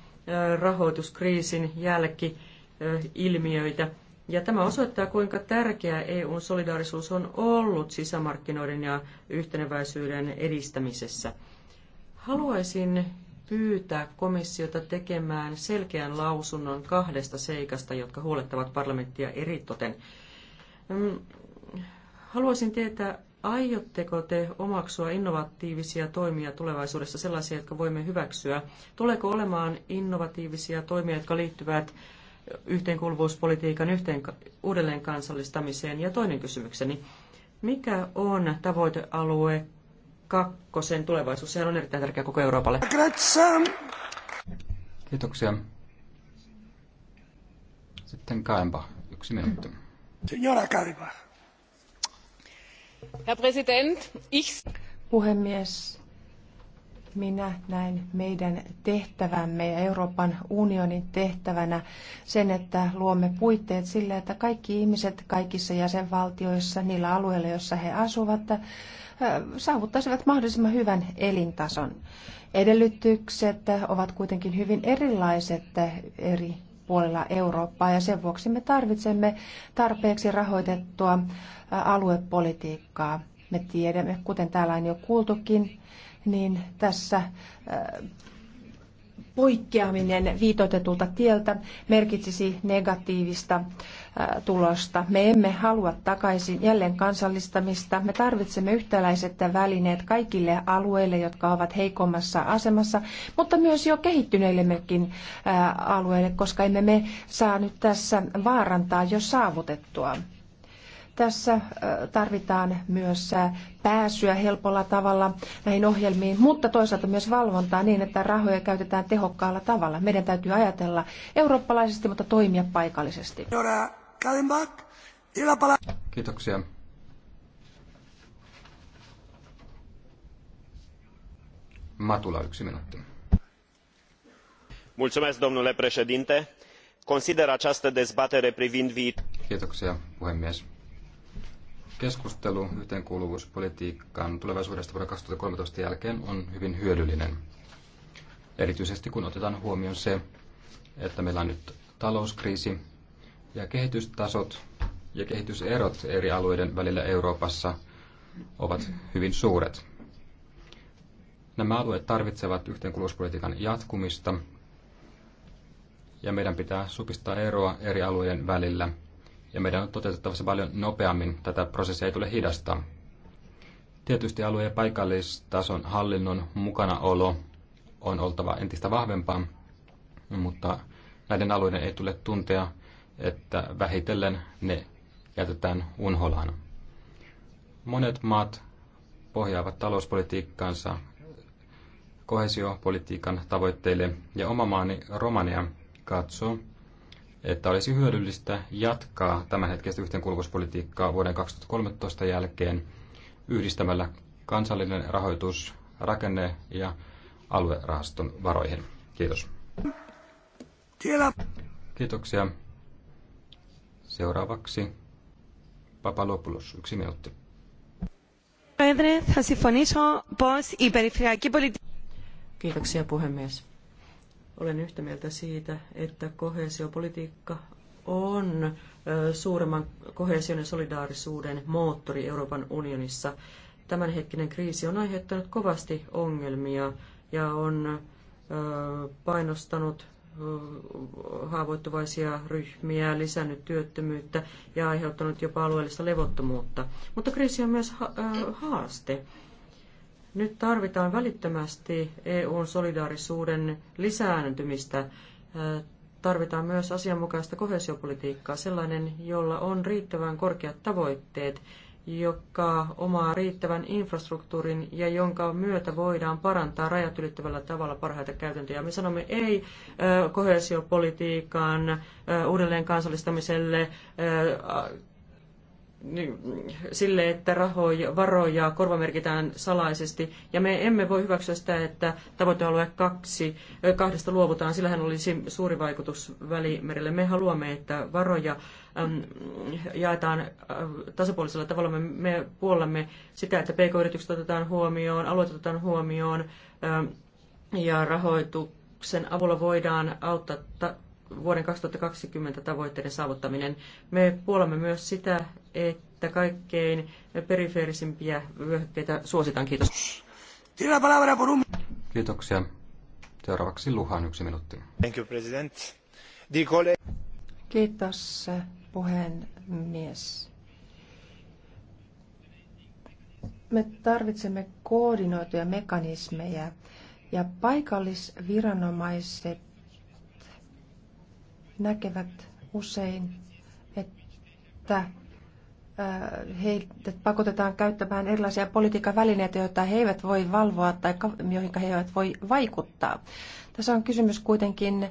rahoituskriisin jälki-ilmiöitä. Ja tämä osoittaa, kuinka tärkeää EUn solidaarisuus on ollut sisämarkkinoiden ja yhteneväisyyden edistämisessä. Haluaisin pyytää komissiota tekemään selkeän lausunnon kahdesta seikasta, jotka huolettavat parlamenttia eritoten. Mm, haluaisin tietää, aiotteko te omaksua innovatiivisia toimia tulevaisuudessa, sellaisia, jotka voimme hyväksyä? Tuleeko olemaan innovatiivisia toimia, jotka liittyvät yhteenkuuluvuuspolitiikan yhteen, uudelleen kansallistamiseen? Ja toinen kysymykseni, mikä on tavoitealue kakkosen tulevaisuus. Sehän on erittäin tärkeä koko Euroopalle. Kiitoksia. Sitten Kaemba, yksi minuutti. Signora Kaemba. Herr Präsident, ich... Puhemies, minä näen meidän tehtävämme ja Euroopan unionin tehtävänä sen, että luomme puitteet sille, että kaikki ihmiset kaikissa jäsenvaltioissa, niillä alueilla, joissa he asuvat, saavuttaisivat mahdollisimman hyvän elintason. Edellytykset ovat kuitenkin hyvin erilaiset eri puolella Eurooppaa ja sen vuoksi me tarvitsemme tarpeeksi rahoitettua aluepolitiikkaa. Me tiedämme, kuten täällä on jo kuultukin, niin tässä äh, poikkeaminen viitoitetulta tieltä merkitsisi negatiivista äh, tulosta. Me emme halua takaisin jälleen kansallistamista. Me tarvitsemme yhtäläiset välineet kaikille alueille, jotka ovat heikommassa asemassa, mutta myös jo kehittyneillemmekin äh, alueille, koska emme me saa nyt tässä vaarantaa jo saavutettua. Tässä äh, tarvitaan myös äh, pääsyä helpolla tavalla näihin ohjelmiin, mutta toisaalta myös valvontaa niin, että rahoja käytetään tehokkaalla tavalla. Meidän täytyy ajatella eurooppalaisesti, mutta toimia paikallisesti. Kiitoksia. Matula, yksi minuutti. Mulțumesc, domnule președinte. Consider această dezbatere privind viitorul. Kiitoksia, puhemies Keskustelu yhteenkuuluvuuspolitiikkaan tulevaisuudesta vuoden 2013 jälkeen on hyvin hyödyllinen. Erityisesti kun otetaan huomioon se, että meillä on nyt talouskriisi ja kehitystasot ja kehityserot eri alueiden välillä Euroopassa ovat hyvin suuret. Nämä alueet tarvitsevat yhteenkuuluvuuspolitiikan jatkumista ja meidän pitää supistaa eroa eri alueiden välillä – ja meidän on toteutettava se paljon nopeammin. Tätä prosessia ei tule hidastaa. Tietysti alue- ja paikallistason hallinnon mukanaolo on oltava entistä vahvempaa, mutta näiden alueiden ei tule tuntea, että vähitellen ne jätetään unholaan. Monet maat pohjaavat talouspolitiikkaansa kohesiopolitiikan tavoitteille ja oma maani Romania katsoo, että olisi hyödyllistä jatkaa tämänhetkistä yhteenkuuluvuuspolitiikkaa vuoden 2013 jälkeen yhdistämällä kansallinen rahoitus rakenne- ja aluerahaston varoihin. Kiitos. Kiitoksia. Seuraavaksi Papalopoulos, yksi minuutti. Kiitoksia puhemies. Olen yhtä mieltä siitä, että kohesiopolitiikka on suuremman kohesion ja solidaarisuuden moottori Euroopan unionissa. Tämänhetkinen kriisi on aiheuttanut kovasti ongelmia ja on painostanut haavoittuvaisia ryhmiä, lisännyt työttömyyttä ja aiheuttanut jopa alueellista levottomuutta. Mutta kriisi on myös haaste. Nyt tarvitaan välittömästi EUn solidaarisuuden lisääntymistä. Äh, tarvitaan myös asianmukaista kohesiopolitiikkaa, sellainen, jolla on riittävän korkeat tavoitteet, joka omaa riittävän infrastruktuurin ja jonka myötä voidaan parantaa rajat ylittävällä tavalla parhaita käytäntöjä. Me sanomme ei äh, kohesiopolitiikan äh, uudelleen kansallistamiselle, niin, sille, että rahoja, varoja korvamerkitään salaisesti. Ja me emme voi hyväksyä sitä, että tavoitealue kaksi, kahdesta luovutaan. Sillähän olisi suuri vaikutus välimerelle. Me haluamme, että varoja jaetaan tasapuolisella tavalla. Me, me puollamme sitä, että pk-yritykset otetaan huomioon, alueet otetaan huomioon ja rahoituksen avulla voidaan auttaa vuoden 2020 tavoitteiden saavuttaminen. Me puolamme myös sitä, että kaikkein perifeerisimpiä vyöhykkeitä suositaan. Kiitos. Kiitoksia. Seuraavaksi Luhan yksi minuutti. Thank you, president. Kiitos puhemies. Me tarvitsemme koordinoituja mekanismeja ja paikallisviranomaiset näkevät usein, että heitä pakotetaan käyttämään erilaisia politiikan välineitä, joita he eivät voi valvoa tai joihin he eivät voi vaikuttaa. Tässä on kysymys kuitenkin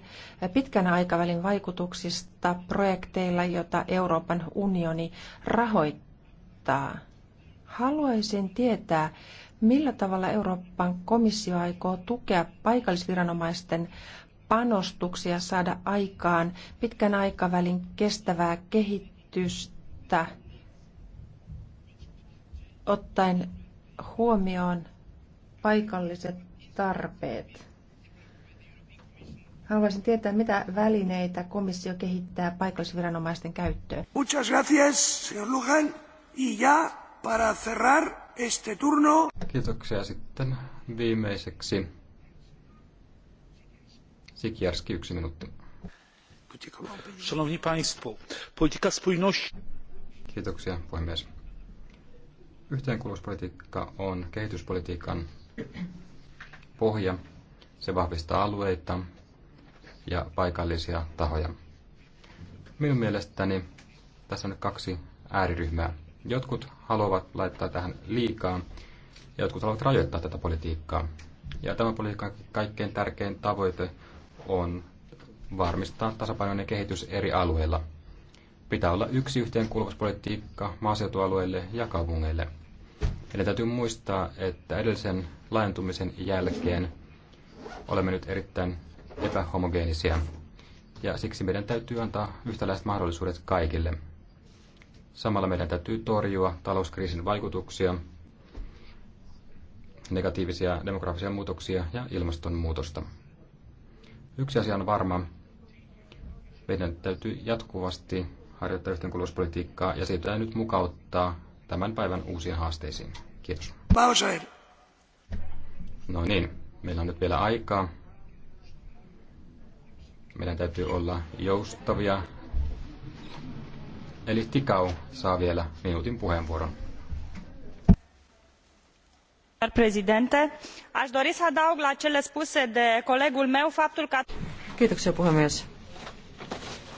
pitkän aikavälin vaikutuksista projekteilla, joita Euroopan unioni rahoittaa. Haluaisin tietää, millä tavalla Euroopan komissio aikoo tukea paikallisviranomaisten panostuksia saada aikaan pitkän aikavälin kestävää kehitystä ottaen huomioon paikalliset tarpeet. Haluaisin tietää, mitä välineitä komissio kehittää paikallisviranomaisten käyttöön. Muchas gracias, señor Lujan. Y ya para cerrar este turno. Kiitoksia sitten viimeiseksi. Sikierski, yksi minuutti. Szanowni Państwo, polityka spójności... Kiitoksia, puhemies Yhteenkuuluvuuspolitiikka on kehityspolitiikan pohja. Se vahvistaa alueita ja paikallisia tahoja. Minun mielestäni tässä on nyt kaksi ääriryhmää. Jotkut haluavat laittaa tähän liikaa, ja jotkut haluavat rajoittaa tätä politiikkaa. Ja tämä politiikan kaikkein tärkein tavoite on varmistaa tasapainoinen kehitys eri alueilla – Pitää olla yksi yhteenkuuluvuuspolitiikka maaseutualueille ja kaupungeille. Eli täytyy muistaa, että edellisen laajentumisen jälkeen olemme nyt erittäin epähomogeenisia. Ja siksi meidän täytyy antaa yhtäläiset mahdollisuudet kaikille. Samalla meidän täytyy torjua talouskriisin vaikutuksia, negatiivisia demografisia muutoksia ja ilmastonmuutosta. Yksi asia on varma. Meidän täytyy jatkuvasti harjoittaa yhteenkuuluvuuspolitiikkaa ja siitä nyt mukauttaa tämän päivän uusiin haasteisiin. Kiitos. Pauser. No niin, meillä on nyt vielä aikaa. Meidän täytyy olla joustavia. Eli Tikau saa vielä minuutin puheenvuoron. meu Kiitoksia puhemies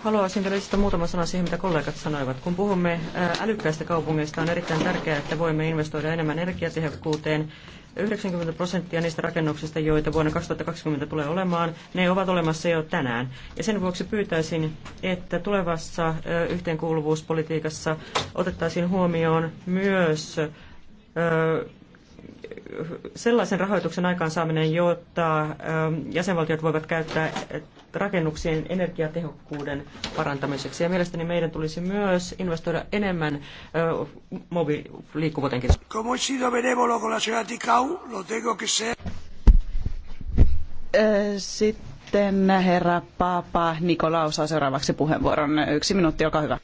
Haluaisin vielä lisätä muutama sana siihen, mitä kollegat sanoivat. Kun puhumme älykkäistä kaupungeista, on erittäin tärkeää, että voimme investoida enemmän energiatehokkuuteen. 90 prosenttia niistä rakennuksista, joita vuonna 2020 tulee olemaan, ne ovat olemassa jo tänään. Ja sen vuoksi pyytäisin, että tulevassa yhteenkuuluvuuspolitiikassa otettaisiin huomioon myös sellaisen rahoituksen aikaansaaminen, jotta jäsenvaltiot voivat käyttää rakennuksien energiatehokkuuden parantamiseksi. Ja mielestäni meidän tulisi myös investoida enemmän mobiiliikkuvuuteen. Sitten herra Papa Nikolaus saa seuraavaksi puheenvuoron. Yksi minuutti, olkaa hyvä.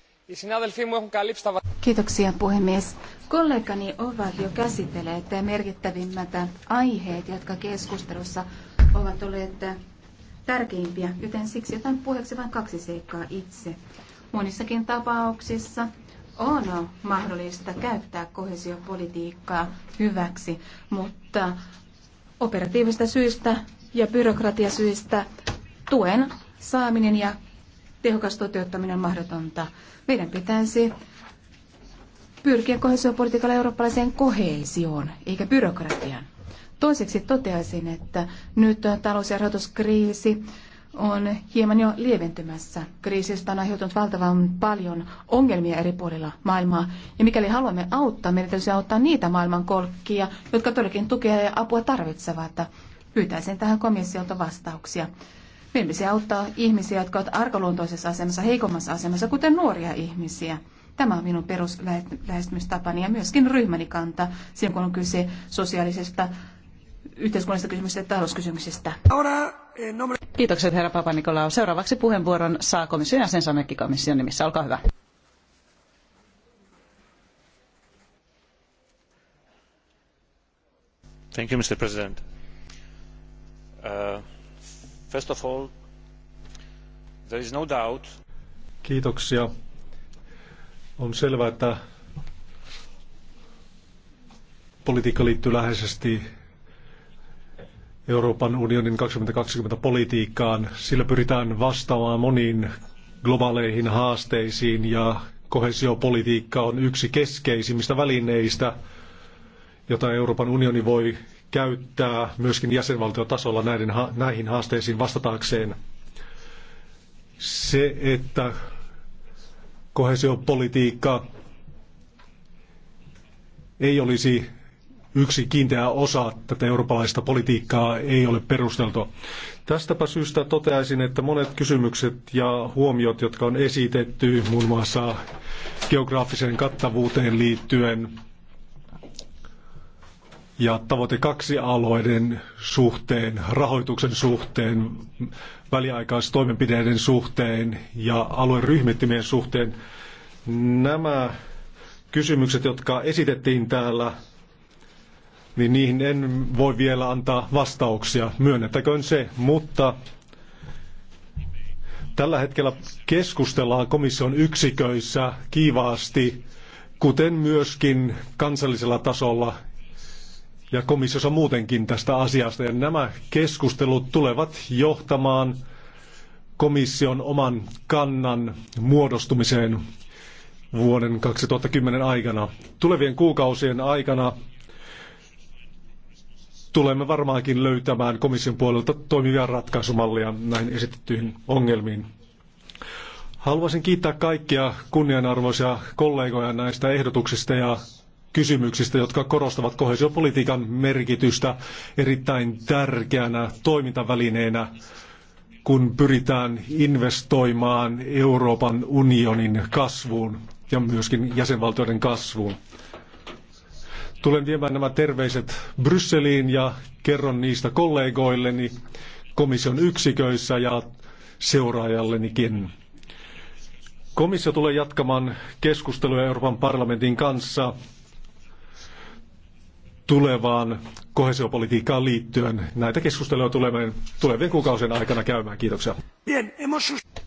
Kiitoksia puhemies. Kollegani ovat jo käsitelleet merkittävimmät aiheet, jotka keskustelussa ovat olleet tärkeimpiä, joten siksi otan puheeksi vain kaksi seikkaa itse. Monissakin tapauksissa on mahdollista käyttää kohesiopolitiikkaa hyväksi, mutta operatiivista syistä ja byrokratiasyistä tuen saaminen ja tehokas toteuttaminen on mahdotonta. Meidän pitäisi pyrkiä kohesiopolitiikalla eurooppalaiseen kohesioon, eikä byrokratiaan. Toiseksi toteaisin, että nyt talous- ja rahoituskriisi on hieman jo lieventymässä. Kriisistä on aiheutunut valtavan paljon ongelmia eri puolilla maailmaa. Ja mikäli haluamme auttaa, meidän täytyy auttaa niitä maailmankolkkia, jotka todellakin tukea ja apua tarvitsevat. Pyytäisin tähän komissiolta vastauksia. Meidän pitäisi auttaa ihmisiä, jotka ovat arkaluontoisessa asemassa, heikommassa asemassa, kuten nuoria ihmisiä. Tämä on minun peruslähestymistapani ja myöskin ryhmäni kanta, silloin kun on kyse sosiaalisesta yhteiskunnallisista kysymyksistä ja talouskysymyksistä. Eh, Kiitokset herra Papanikolaou. Seuraavaksi puheenvuoron saa komission jäsen Samekki komission nimissä. Olkaa hyvä. Thank you, Mr. President. Uh, first of all, there is no doubt. Kiitoksia. On selvää, että politiikka liittyy läheisesti Euroopan unionin 2020-politiikkaan. Sillä pyritään vastaamaan moniin globaaleihin haasteisiin ja kohesiopolitiikka on yksi keskeisimmistä välineistä, jota Euroopan unioni voi käyttää myöskin jäsenvaltiotasolla näiden, näihin haasteisiin vastataakseen. Se, että kohesiopolitiikka ei olisi yksi kiinteä osa tätä eurooppalaista politiikkaa ei ole perusteltu. Tästäpä syystä toteaisin, että monet kysymykset ja huomiot, jotka on esitetty muun muassa geograafiseen kattavuuteen liittyen ja tavoite kaksi alueiden suhteen, rahoituksen suhteen, väliaikaistoimenpideiden suhteen ja alueryhmittimien suhteen, nämä kysymykset, jotka esitettiin täällä niin niihin en voi vielä antaa vastauksia, myönnettäköön se, mutta tällä hetkellä keskustellaan komission yksiköissä kiivaasti, kuten myöskin kansallisella tasolla ja komissiossa muutenkin tästä asiasta. Ja nämä keskustelut tulevat johtamaan komission oman kannan muodostumiseen vuoden 2010 aikana. Tulevien kuukausien aikana tulemme varmaankin löytämään komission puolelta toimivia ratkaisumallia näihin esitettyihin ongelmiin. Haluaisin kiittää kaikkia kunnianarvoisia kollegoja näistä ehdotuksista ja kysymyksistä, jotka korostavat kohesiopolitiikan merkitystä erittäin tärkeänä toimintavälineenä, kun pyritään investoimaan Euroopan unionin kasvuun ja myöskin jäsenvaltioiden kasvuun. Tulen viemään nämä terveiset Brysseliin ja kerron niistä kollegoilleni komission yksiköissä ja seuraajallenikin. Komissio tulee jatkamaan keskusteluja Euroopan parlamentin kanssa tulevaan kohesiopolitiikkaan liittyen. Näitä keskusteluja tulemme tulevien kuukausien aikana käymään. Kiitoksia.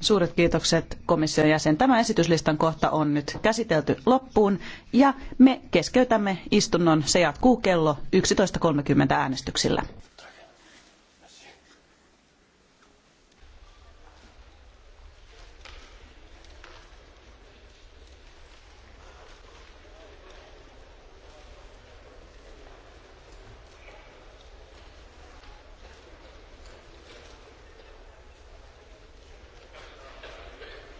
Suuret kiitokset komission jäsen. Tämä esityslistan kohta on nyt käsitelty loppuun ja me keskeytämme istunnon. Se jatkuu kello 11.30 äänestyksillä.